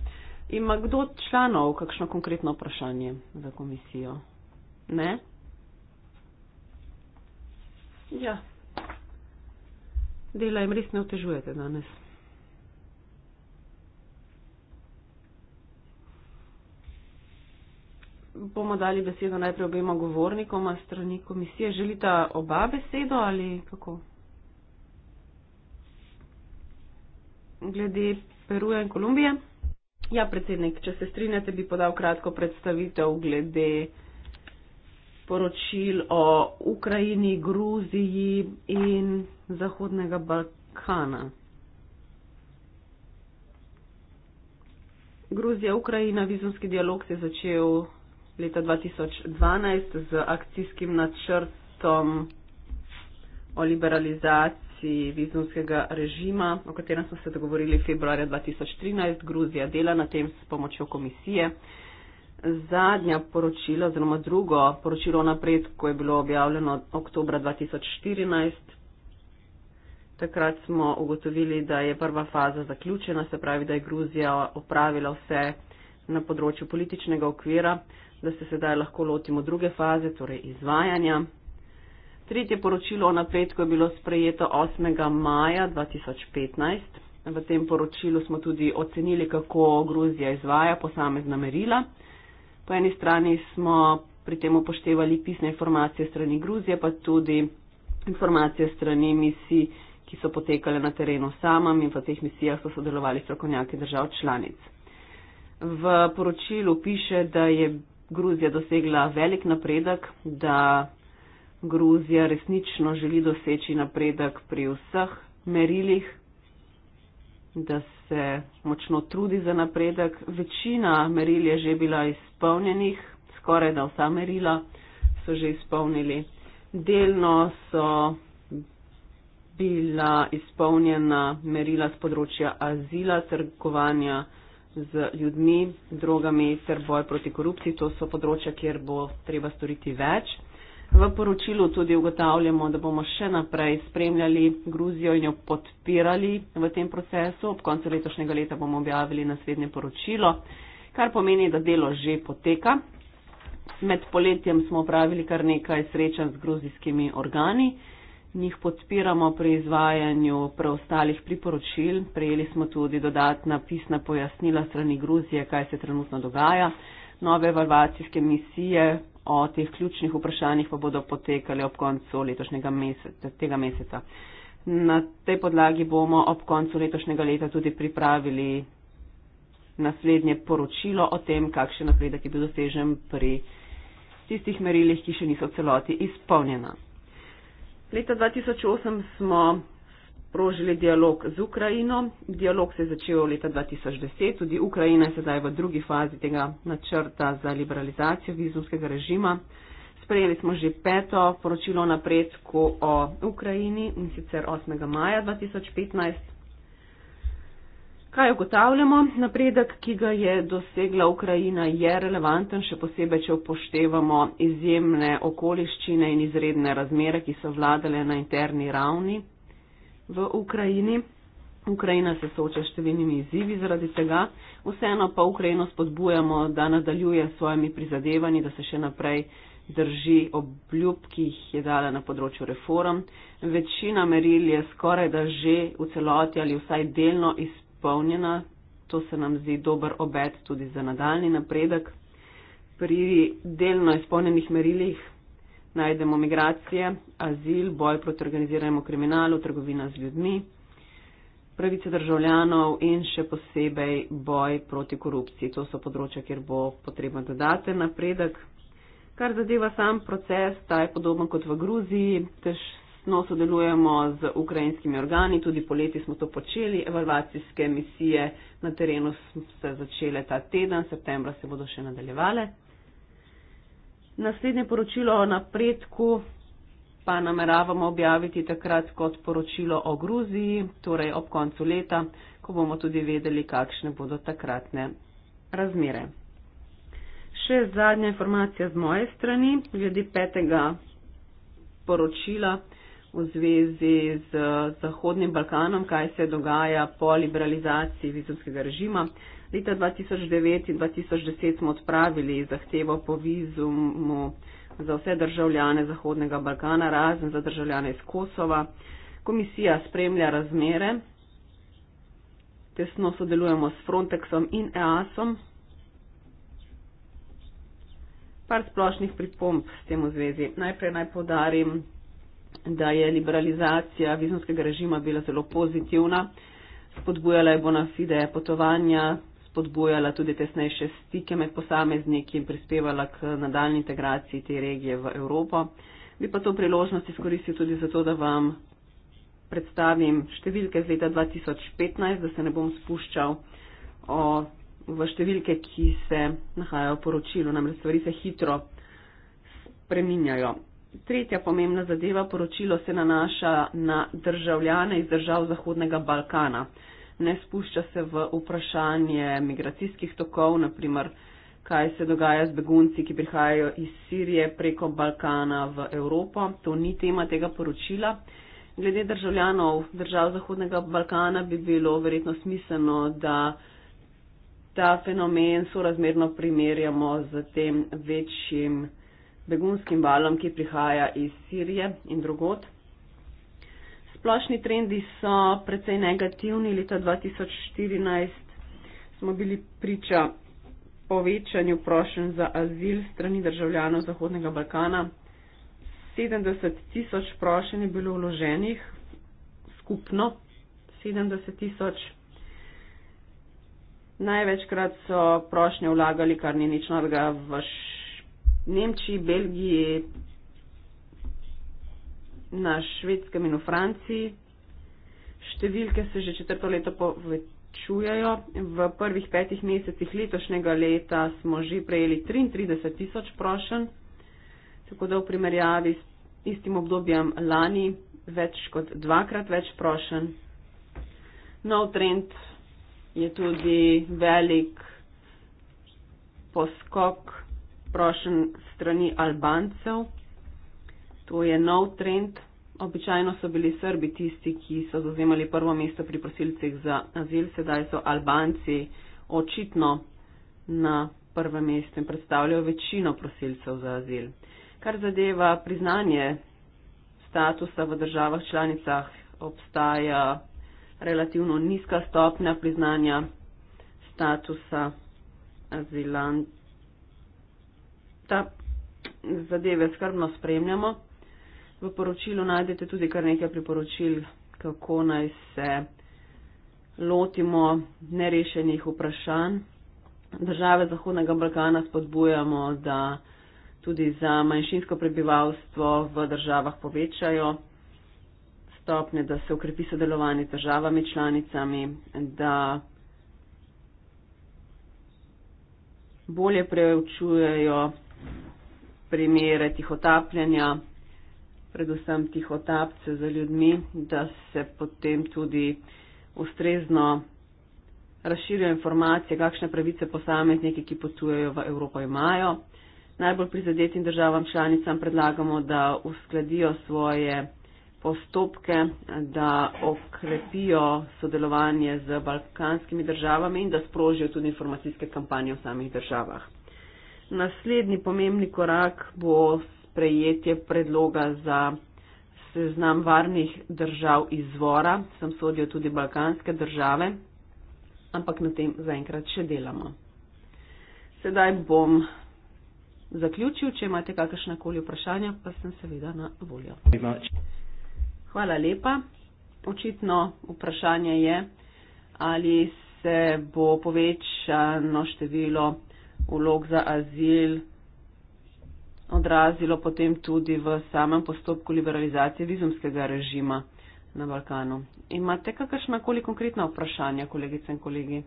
Ima kdo od članov kakšno konkretno vprašanje za komisijo? Ne? Ja. Dela jim res ne otežujete danes. Bomo dali besedo najprej obema govornikoma strani komisije. Želita oba besedo ali kako? glede Peruja in Kolumbije. Ja, predsednik, če se strinjate, bi podal kratko predstavitev glede poročil o Ukrajini, Gruziji in Zahodnega Balkana. Gruzija-Ukrajina, vizumski dialog se je začel leta 2012 z akcijskim načrtom o liberalizaciji implementaciji vizumskega režima, o katerem smo se dogovorili februarja 2013. Gruzija dela na tem s pomočjo komisije. Zadnja poročila, oziroma drugo poročilo napred, ko je bilo objavljeno oktobra 2014, takrat smo ugotovili, da je prva faza zaključena, se pravi, da je Gruzija opravila vse na področju političnega okvira, da se sedaj lahko lotimo druge faze, torej izvajanja. Tretje poročilo o napredku je bilo sprejeto 8. maja 2015. V tem poročilu smo tudi ocenili, kako Gruzija izvaja posamezna merila. Po eni strani smo pri tem upoštevali pisne informacije strani Gruzije, pa tudi informacije strani misij, ki so potekale na terenu samem in v teh misijah so sodelovali strokovnjaki držav članic. V poročilu piše, da je Gruzija dosegla velik napredek, da Gruzija resnično želi doseči napredek pri vseh merilih, da se močno trudi za napredek. Večina meril je že bila izpolnjenih, skoraj da vsa merila so že izpolnili. Delno so bila izpolnjena merila z področja azila, trgovanja z ljudmi, drogami ter boj proti korupciji. To so področja, kjer bo treba storiti več. V poročilu tudi ugotavljamo, da bomo še naprej spremljali Gruzijo in jo podpirali v tem procesu. Ob koncu letošnjega leta bomo objavili naslednje poročilo, kar pomeni, da delo že poteka. Med poletjem smo opravili kar nekaj srečanj z gruzijskimi organi. Njih podpiramo pri izvajanju preostalih priporočil. Prejeli smo tudi dodatna pisna pojasnila strani Gruzije, kaj se trenutno dogaja. Nove evalvacijske misije o teh ključnih vprašanjih pa bodo potekale ob koncu letošnjega meseca, tega meseca. Na tej podlagi bomo ob koncu letošnjega leta tudi pripravili naslednje poročilo o tem, kakšen napredek je bil dosežen pri tistih merilih, ki še niso v celoti izpolnjena. Leta 2008 smo sprožili dialog z Ukrajino. Dialog se je začel leta 2010, tudi Ukrajina je sedaj v drugi fazi tega načrta za liberalizacijo vizumskega režima. Sprejeli smo že peto poročilo o napredku o Ukrajini in sicer 8. maja 2015. Kaj ugotavljamo? Napredek, ki ga je dosegla Ukrajina, je relevanten, še posebej, če upoštevamo izjemne okoliščine in izredne razmere, ki so vladale na interni ravni v Ukrajini. Ukrajina se sooča s številnimi izzivi zaradi tega, vseeno pa Ukrajino spodbujamo, da nadaljuje s svojimi prizadevanji, da se še naprej drži obljub, ki jih je dala na področju reform. Večina meril je skoraj da že v celoti ali vsaj delno izpolnjena. To se nam zdi dober obet tudi za nadaljni napredek. Pri delno izpolnjenih merilih najdemo migracije, azil, boj proti organiziranemu kriminalu, trgovina z ljudmi, pravice državljanov in še posebej boj proti korupciji. To so področja, kjer bo potreben dodaten napredek. Kar zadeva sam proces, ta je podoben kot v Gruziji, tesno sodelujemo z ukrajinskimi organi, tudi poleti smo to počeli, evalvacijske misije na terenu so se začele ta teden, septembra se bodo še nadaljevale. Naslednje poročilo o napredku pa nameravamo objaviti takrat kot poročilo o Gruziji, torej ob koncu leta, ko bomo tudi vedeli, kakšne bodo takratne razmere. Še zadnja informacija z moje strani, glede petega poročila v zvezi z Zahodnim Balkanom, kaj se dogaja po liberalizaciji vizumskega režima. Leta 2009 in 2010 smo odpravili zahtevo po vizumu za vse državljane Zahodnega Balkana, razen za državljane iz Kosova. Komisija spremlja razmere, tesno sodelujemo s Frontexom in EASom. Par splošnih pripomb s tem v zvezi. Najprej naj podarim, da je liberalizacija vizumskega režima bila zelo pozitivna, spodbujala je bona fide potovanja, spodbujala tudi tesnejše stike med posamezniki in prispevala k nadaljni integraciji te regije v Evropo. Bi pa to priložnost izkoristil tudi zato, da vam predstavim številke z leta 2015, da se ne bom spuščal o, v številke, ki se nahajajo v poročilu, namreč stvari se hitro spreminjajo. Tretja pomembna zadeva, poročilo se nanaša na državljane iz držav Zahodnega Balkana ne spušča se v vprašanje migracijskih tokov, naprimer, kaj se dogaja z begunci, ki prihajajo iz Sirije preko Balkana v Evropo. To ni tema tega poročila. Glede državljanov držav Zahodnega Balkana bi bilo verjetno smiselno, da ta fenomen sorazmerno primerjamo z tem večjim begunskim valom, ki prihaja iz Sirije in drugot splošni trendi so precej negativni. Leta 2014 smo bili priča povečanju prošen za azil strani državljanov Zahodnega Balkana. 70 tisoč prošen je bilo vloženih, skupno 70 tisoč. Največkrat so prošnje vlagali kar ni nič novega v Nemčiji, Belgiji, na švedskem in v Franciji. Številke se že četrto leto povečujejo. V prvih petih mesecih letošnjega leta smo že prejeli 33 tisoč prošenj, tako da v primerjavi s istim obdobjem lani več kot dvakrat več prošenj. Nov trend je tudi velik poskok prošenj strani Albancev. To je nov trend, Običajno so bili Srbi tisti, ki so zauzemali prvo mesto pri prosilcih za azil, sedaj so Albanci očitno na prvem mestu in predstavljajo večino prosilcev za azil. Kar zadeva priznanje statusa v državah članicah, obstaja relativno nizka stopnja priznanja statusa azilanta. Zadeve skrbno spremljamo. V poročilu najdete tudi kar nekaj priporočil, kako naj se lotimo nerešenih vprašanj. Države Zahodnega Balkana spodbujamo, da tudi za manjšinsko prebivalstvo v državah povečajo stopne, da se ukrepi sodelovanje z državami članicami, da bolje preučujejo primere tihotapljanja predvsem tihotapce za ljudmi, da se potem tudi ustrezno razširijo informacije, kakšne pravice posamezniki, ki potujejo v Evropo, imajo. Najbolj prizadetim državam članicam predlagamo, da uskladijo svoje postopke, da okrepijo sodelovanje z balkanskimi državami in da sprožijo tudi informacijske kampanje v samih državah. Naslednji pomembni korak bo sprejetje predloga za seznam varnih držav izvora, sem sodijo tudi balkanske države, ampak na tem zaenkrat še delamo. Sedaj bom zaključil, če imate kakršna koli vprašanja, pa sem seveda na voljo. Hvala lepa. Očitno vprašanje je, ali se bo povečano število vlog za azil odrazilo potem tudi v samem postopku liberalizacije vizumskega režima na Balkanu. Imate kakršna koli konkretna vprašanja, kolegice in kolegi?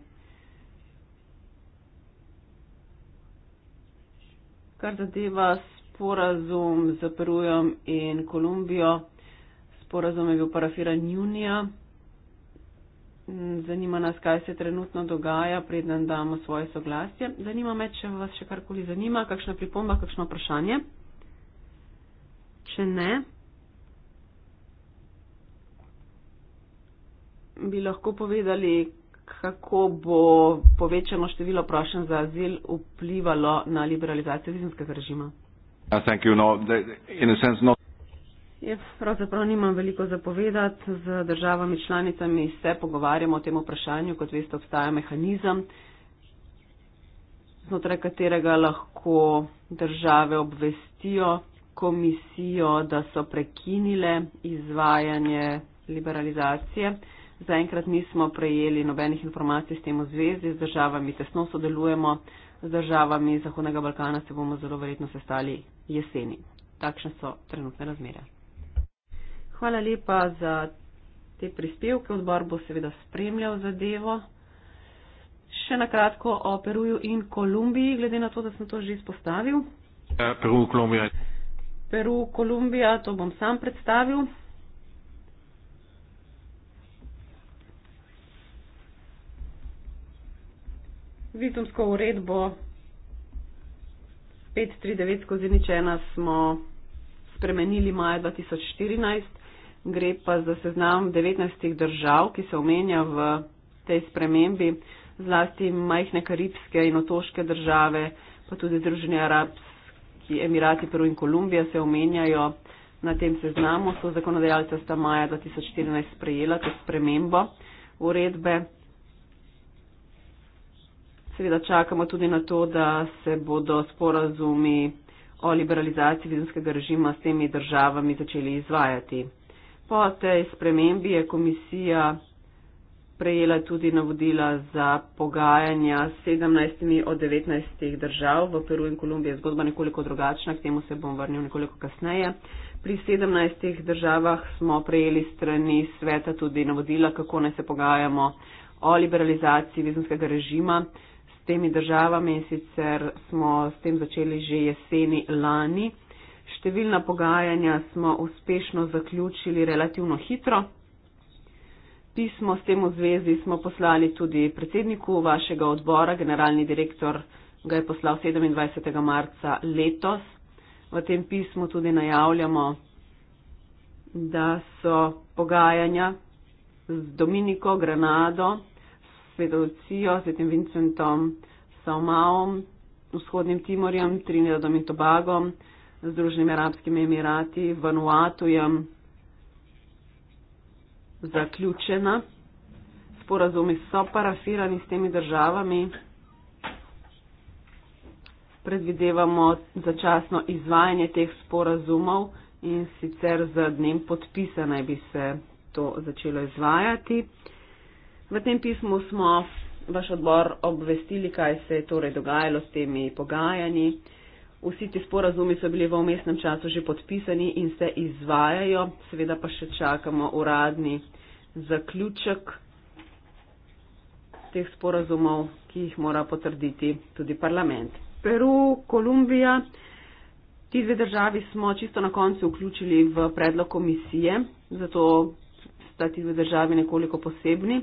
Kar zadeva sporazum z Perujem in Kolumbijo, sporazum je bil parafiran junija zanima nas, kaj se trenutno dogaja, preden damo svoje soglasje. Zanima me, če vas še karkoli zanima, kakšna pripomba, kakšno vprašanje. Če ne, bi lahko povedali, kako bo povečano število prošen za azil vplivalo na liberalizacijo vizumskega režima. Uh, thank you. No, in a sense, not Pravzaprav nimam veliko zapovedati. Z državami članicami se pogovarjamo o tem vprašanju, kot veste, obstaja mehanizem, znotraj katerega lahko države obvestijo komisijo, da so prekinile izvajanje liberalizacije. Zaenkrat nismo prejeli nobenih informacij s tem v zvezi, z državami tesno sodelujemo, z državami Zahodnega Balkana se bomo zelo verjetno sestali jeseni. Takšne so trenutne razmere. Hvala lepa za te prispevke. Odbor bo seveda spremljal zadevo. Še na kratko o Peruju in Kolumbiji, glede na to, da sem to že izpostavil. Ja, Peru, Kolumbija. Peru, Kolumbija, to bom sam predstavil. Vizumsko uredbo 539 skozi ničena smo spremenili maja 2014, gre pa za seznam 19 držav, ki se omenja v tej spremembi, zlasti majhne karibske in otoške države, pa tudi Združeni arabski emirati Peru in Kolumbija se omenjajo na tem seznamu. So zakonodajalce sta maja 2014 sprejela to spremembo uredbe. Seveda čakamo tudi na to, da se bodo sporazumi o liberalizaciji vizumskega režima s temi državami začeli izvajati. Po tej spremembi je komisija prejela tudi navodila za pogajanja s 17 od 19 držav v Peru in Kolumbiji. Zgodba je nekoliko drugačna, k temu se bom vrnil nekoliko kasneje. Pri 17 državah smo prejeli strani sveta tudi navodila, kako naj se pogajamo o liberalizaciji vizumskega režima s temi državami in sicer smo s tem začeli že jeseni lani številna pogajanja smo uspešno zaključili relativno hitro. Pismo s tem v zvezi smo poslali tudi predsedniku vašega odbora, generalni direktor ga je poslal 27. marca letos. V tem pismu tudi najavljamo, da so pogajanja z Dominiko, Granado, Svedovcijo, z tem Vincentom, Saumaom, vzhodnim Timorjem, Trinidadom in Tobagom, Združenimi arabskimi emirati, Vanuatujem zaključena. Sporazumi so parafirani s temi državami. Predvidevamo začasno izvajanje teh sporazumov in sicer za dnem podpisa naj bi se to začelo izvajati. V tem pismu smo vaš odbor obvestili, kaj se je torej dogajalo s temi pogajanji. Vsi ti sporazumi so bili v omestnem času že podpisani in se izvajajo, seveda pa še čakamo uradni zaključek teh sporazumov, ki jih mora potrditi tudi parlament. Peru, Kolumbija, ti dve državi smo čisto na koncu vključili v predlog komisije, zato sta ti dve državi nekoliko posebni.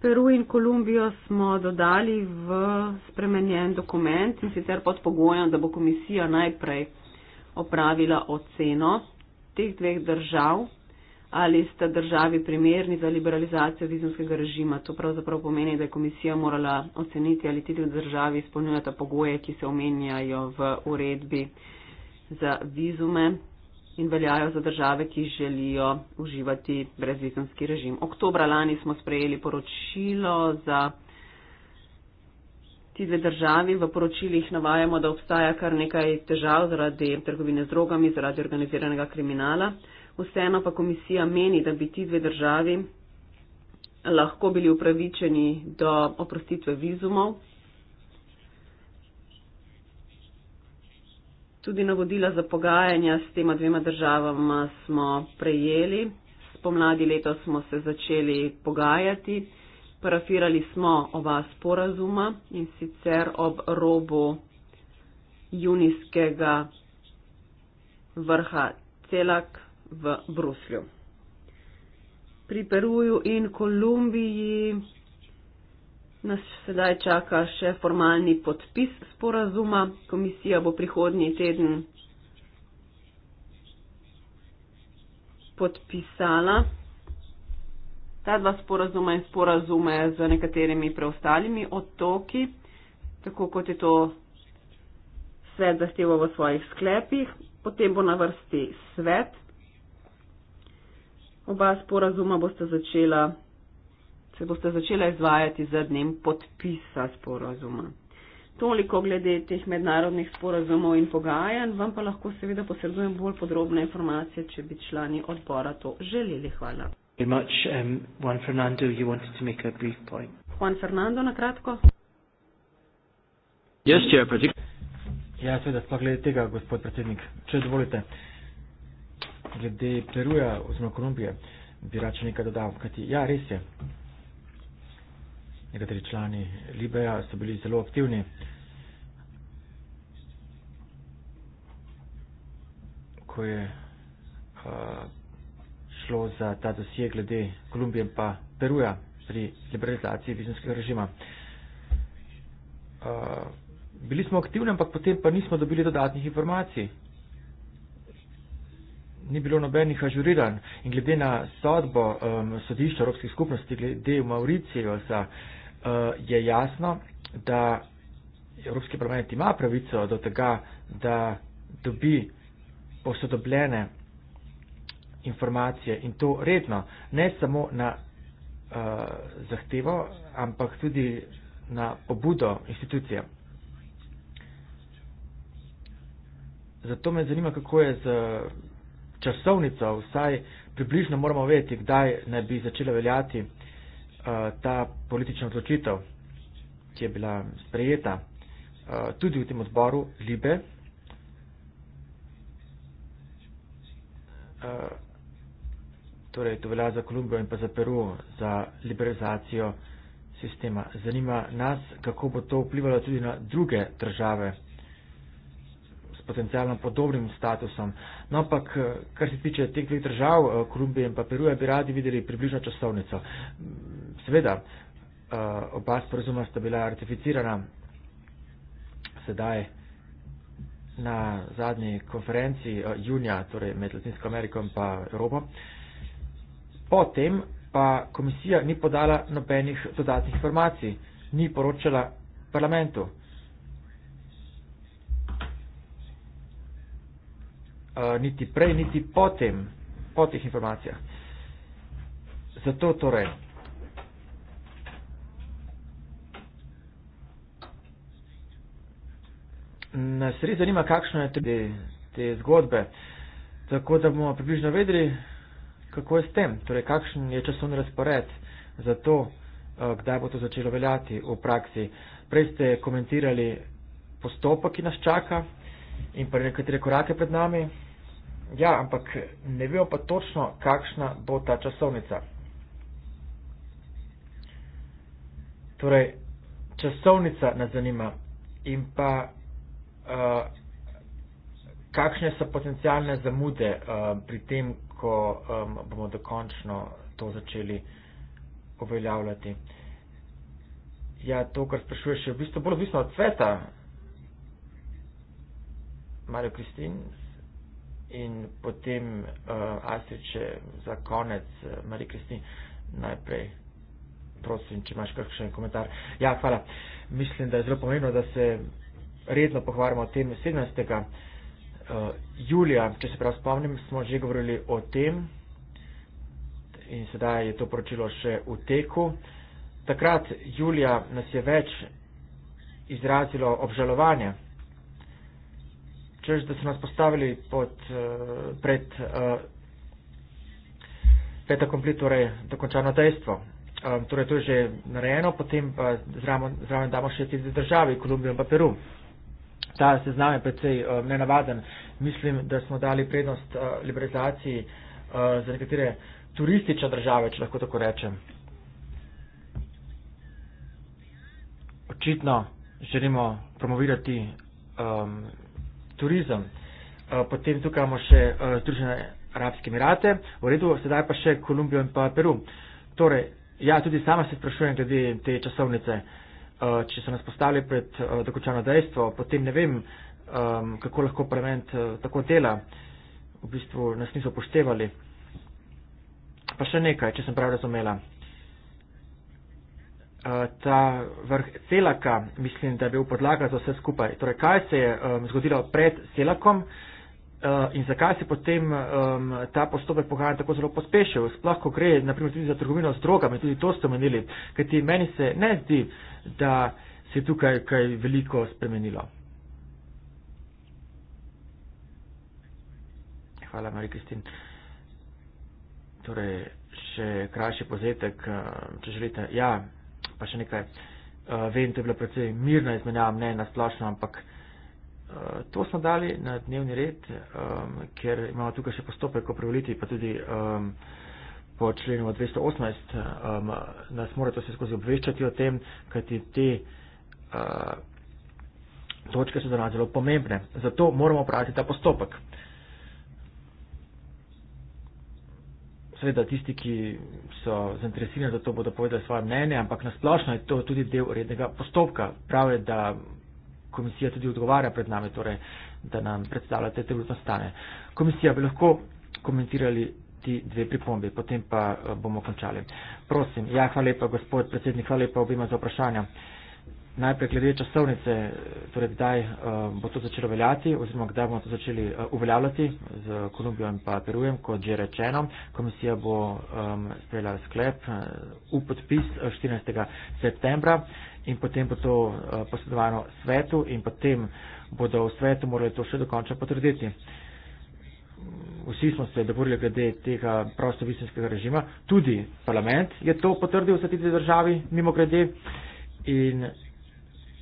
Peru in Kolumbijo smo dodali v spremenjen dokument in sicer pod pogojem, da bo komisija najprej opravila oceno teh dveh držav, ali sta državi primerni za liberalizacijo vizumskega režima. To pravzaprav pomeni, da je komisija morala oceniti, ali ti dve državi izpolnjujeta pogoje, ki se omenjajo v uredbi za vizume in veljajo za države, ki želijo uživati brezvizumski režim. Oktobra lani smo sprejeli poročilo za ti dve državi. V poročilih navajamo, da obstaja kar nekaj težav zaradi trgovine z drogami, zaradi organiziranega kriminala. Vseeno pa komisija meni, da bi ti dve državi lahko bili upravičeni do oprostitve vizumov Tudi navodila za pogajanja s tema dvema državama smo prejeli. Spomladi leto smo se začeli pogajati. Parafirali smo oba sporazuma in sicer ob robu junijskega vrha celak v Bruslju. Pri Peruju in Kolumbiji Nas sedaj čaka še formalni podpis sporazuma. Komisija bo prihodnji teden podpisala ta dva sporazuma in sporazume z nekaterimi preostalimi otoki, tako kot je to svet zahteval v svojih sklepih. Potem bo na vrsti svet. Oba sporazuma boste začela se boste začele izvajati za dnem podpisa sporazuma. Toliko glede teh mednarodnih sporazumov in pogajanj, vam pa lahko seveda posredujem bolj podrobne informacije, če bi člani odbora to želeli. Hvala. Much, um, Juan, Fernando, you to make a brief point. Juan Fernando, na kratko. Yes, ja, seveda, sploh glede tega, gospod predsednik, če dovolite. Glede Peruja oziroma Kolumbije bi rače nekaj dodal, kajti ja, res je nekateri člani Libeja so bili zelo aktivni. Ko je uh, šlo za ta dosje glede Kolumbije pa Peruja pri liberalizaciji vizumskega režima. Uh, bili smo aktivni, ampak potem pa nismo dobili dodatnih informacij. Ni bilo nobenih ažuriran in glede na sodbo um, sodišča Evropskih skupnosti glede v Mauriciju za uh, Eh, je jasno, da Evropski parlament ima pravico do tega, da dobi posodobljene informacije in to redno, ne samo na uh, zahtevo, ampak tudi na pobudo institucije. Zato me zanima, kako je z časovnico, vsaj približno moramo vedeti, kdaj ne bi začela veljati. Eh, ta politična odločitev, ki je bila sprejeta eh, tudi v tem odboru Libe, eh, torej to velja za Kolumbijo in pa za Peru, za liberalizacijo sistema. Zanima nas, kako bo to vplivalo tudi na druge države s potencijalno podobnim statusom. No, ampak, kar se tiče teh dveh držav, Kolumbije in pa Peruja, bi radi videli približno časovnico. Seveda, eh, oba sporozuma sta bila ratificirana sedaj na zadnji konferenci eh, junija, torej med Latinsko Ameriko in pa Evropo. Potem pa komisija ni podala nobenih dodatnih informacij, ni poročala parlamentu. Eh, niti prej, niti potem, po teh informacijah. Zato torej. nas res zanima, kakšno je tudi te zgodbe, tako da bomo približno vedeli, kako je s tem, torej kakšen je časovni razpored za to, eh, kdaj bo to začelo veljati v praksi. Prej ste komentirali postopek, ki nas čaka in pa nekatere korake pred nami. Ja, ampak ne vemo pa točno, kakšna bo ta časovnica. Torej, časovnica nas zanima in pa Eh, kakšne so potencijalne zamude uh, pri tem, ko um, bomo dokončno to začeli uveljavljati. Ja, to, kar sprašuješ, je v bistvu bolj odvisno od sveta. Mario Kristin in potem uh, eh, Astriče za konec, uh, Mario Kristin najprej. Prosim, če imaš kakšen komentar. Ja, hvala. Mislim, da je zelo pomembno, da se redno pogovarjamo o tem 17. Eh, julija, če se prav spomnim, smo že govorili o tem in sedaj je to poročilo še v teku. Takrat julija nas je več izrazilo obžalovanje, čež da so nas postavili pod, eh, pred eh, peta komplet, torej dokončano dejstvo. Um, torej, to je že narejeno, potem pa zraven, zraven damo še tudi državi, Kolumbijo in pa Peru ta seznam je precej uh, nenavaden. Mislim, da smo dali prednost uh, liberalizaciji uh, za nekatere turistične države, če lahko tako rečem. Očitno želimo promovirati um, turizem. Uh, potem tukaj imamo še uh, Združene arabske emirate, v redu, sedaj pa še Kolumbijo in pa Peru. Torej, ja, tudi sama se sprašujem glede te časovnice. Uh, uh, če se nas postavlja pred uh, dokončano dejstvo, potem ne vem, um, kako lahko parlament uh, tako dela. V bistvu nas niso upoštevali. Pa še nekaj, če sem prav razumela. Uh, ta vrh celaka, mislim, da je bil podlaga za vse skupaj. Torej, kaj se je um, zgodilo pred celakom? Uh, Eh, in zakaj se potem um, ta postopek pogajanja tako zelo pospešil, sploh ko gre naprimer tudi za trgovino z drogami, tudi to ste omenili, kajti meni se ne zdi, da se je tukaj kaj veliko spremenilo. Hvala, Marija Kristin. Torej, še krajši pozetek, če želite. Ja, pa še nekaj. Eh, vem, da je bila precej mirna izmenjava mnenja na splošno, ampak. Eh, to smo dali na dnevni red, um, ker imamo tukaj še postopek o prevoliti, pa tudi um, po členu 218 um, nas mora to vse skozi obveščati o tem, kajti te uh, točke so za nas zelo pomembne. Zato moramo praviti ta postopek. Seveda tisti, ki so zainteresirani za to, bodo povedali svoje mnenje, ampak nasplošno je to tudi del rednega postopka. Prav je, da komisija tudi odgovarja pred nami, torej, da nam predstavljate trenutno stane. Komisija bi lahko komentirali ti dve pripombe, potem pa eh, bomo končali. Prosim, ja, hvala lepa, gospod predsednik, hvala lepa obima za vprašanja. Najprej glede časovnice, eh, torej kdaj uh, bo to začelo veljati oziroma kdaj bomo to začeli uh, uveljavljati z Kolumbijo in pa Perujem, kot že rečeno. Komisija bo um, sprejela sklep uh, v podpis 14. septembra in potem bo to eh, posredovano svetu in potem bodo v svetu morali to še dokončno potrditi. Vsi smo se dogovorili glede tega prostovisenskega režima, tudi parlament je to potrdil vse tiste državi, mimo grede. In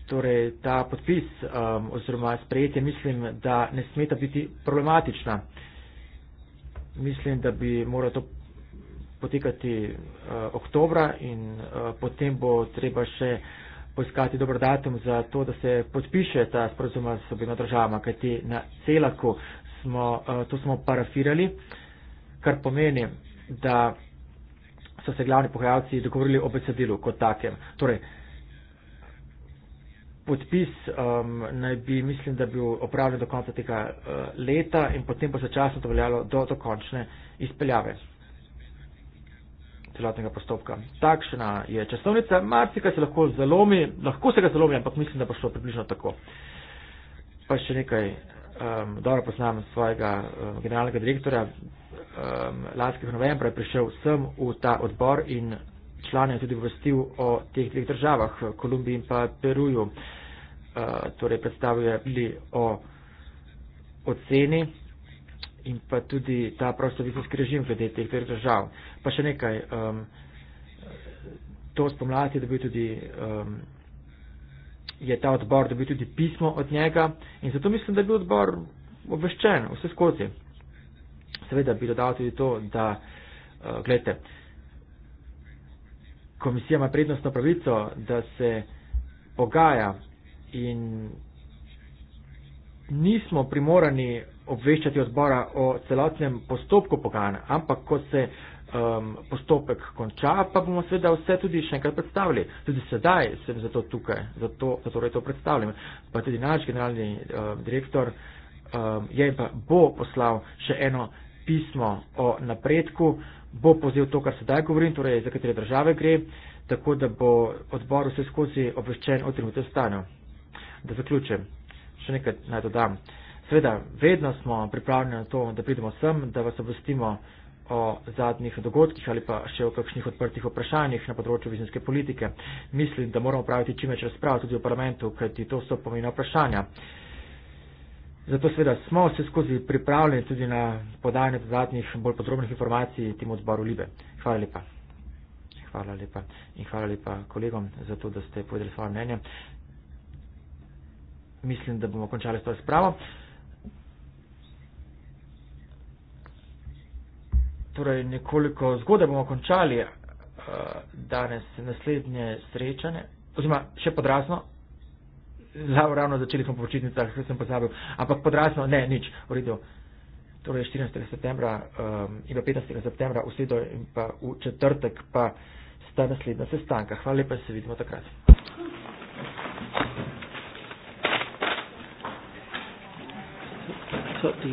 torej ta podpis um, oziroma sprejetje mislim, da ne smeta biti problematična. Mislim, da bi moralo to potekati uh, oktobra in uh, potem bo treba še uh, poiskati dober datum za to, da se podpiše ta sporozum s obima državama, kajti na celaku smo, eh, to smo parafirali, kar pomeni, da so se glavni pohajalci dogovorili o besedilu kot takem. Torej, podpis um, naj bi, mislim, da bil opravljen do konca tega uh, leta in potem bo se časno dovoljalo do dokončne izpeljave celotnega postopka. Takšna je časovnica, marsikaj se lahko zalomi, lahko se ga zalomi, ampak mislim, da bo šlo približno tako. Pa še nekaj, um, dobro poznam svojega um, generalnega direktorja, um, lanskega novembra je prišel sem v ta odbor in člane je tudi obvestil o teh dveh državah, Kolumbiji in pa Peruju. Uh, torej predstavljali o oceni in pa tudi ta prostovizijski režim glede teh dveh držav. Pa še nekaj, um, to spomladi je dobil tudi, um, je ta odbor dobil tudi pismo od njega in zato mislim, da je bil odbor obveščen vse skozi. Seveda bi dodal tudi to, da, uh, gledajte, komisija ima prednostno pravico, da se pogaja in nismo primorani obveščati odbora o celotnem postopku pogajanja, ampak ko se um, postopek konča, pa bomo seveda vse tudi še enkrat predstavili. Tudi sedaj sem zato tukaj, zato, zato to predstavljam. Pa tudi naš generalni um, direktor um, je pa bo poslal še eno pismo o napredku, bo pozel to, kar sedaj govorim, torej za katere države gre, tako da bo odbor vse skozi obveščen o trenutnem stanju. Da zaključim, še nekaj naj dodam. Seveda, vedno smo pripravljeni na to, da pridemo sem, da vas obvestimo o zadnjih dogodkih ali pa še o kakšnih odprtih vprašanjih na področju vizijske politike. Mislim, da moramo praviti čim več razprav tudi v parlamentu, kajti to so pomembna vprašanja. Zato seveda smo vse skozi pripravljeni tudi na podajanje dodatnih bolj podrobnih informacij tem odboru Libe. Hvala lepa. Hvala lepa in hvala lepa kolegom za to, da ste povedali svoje mnenje. Mislim, da bomo končali s to razpravo. torej nekoliko zgodaj bomo končali uh, danes naslednje srečanje, oziroma še podrasno, zelo ravno začeli smo po počitnicah, se sem pozabil, ampak podrasno, ne, nič, uredil. Torej 14. septembra um, in 15. septembra v sredo in pa v četrtek pa sta naslednja sestanka. Hvala lepa, se vidimo takrat. So, so ti.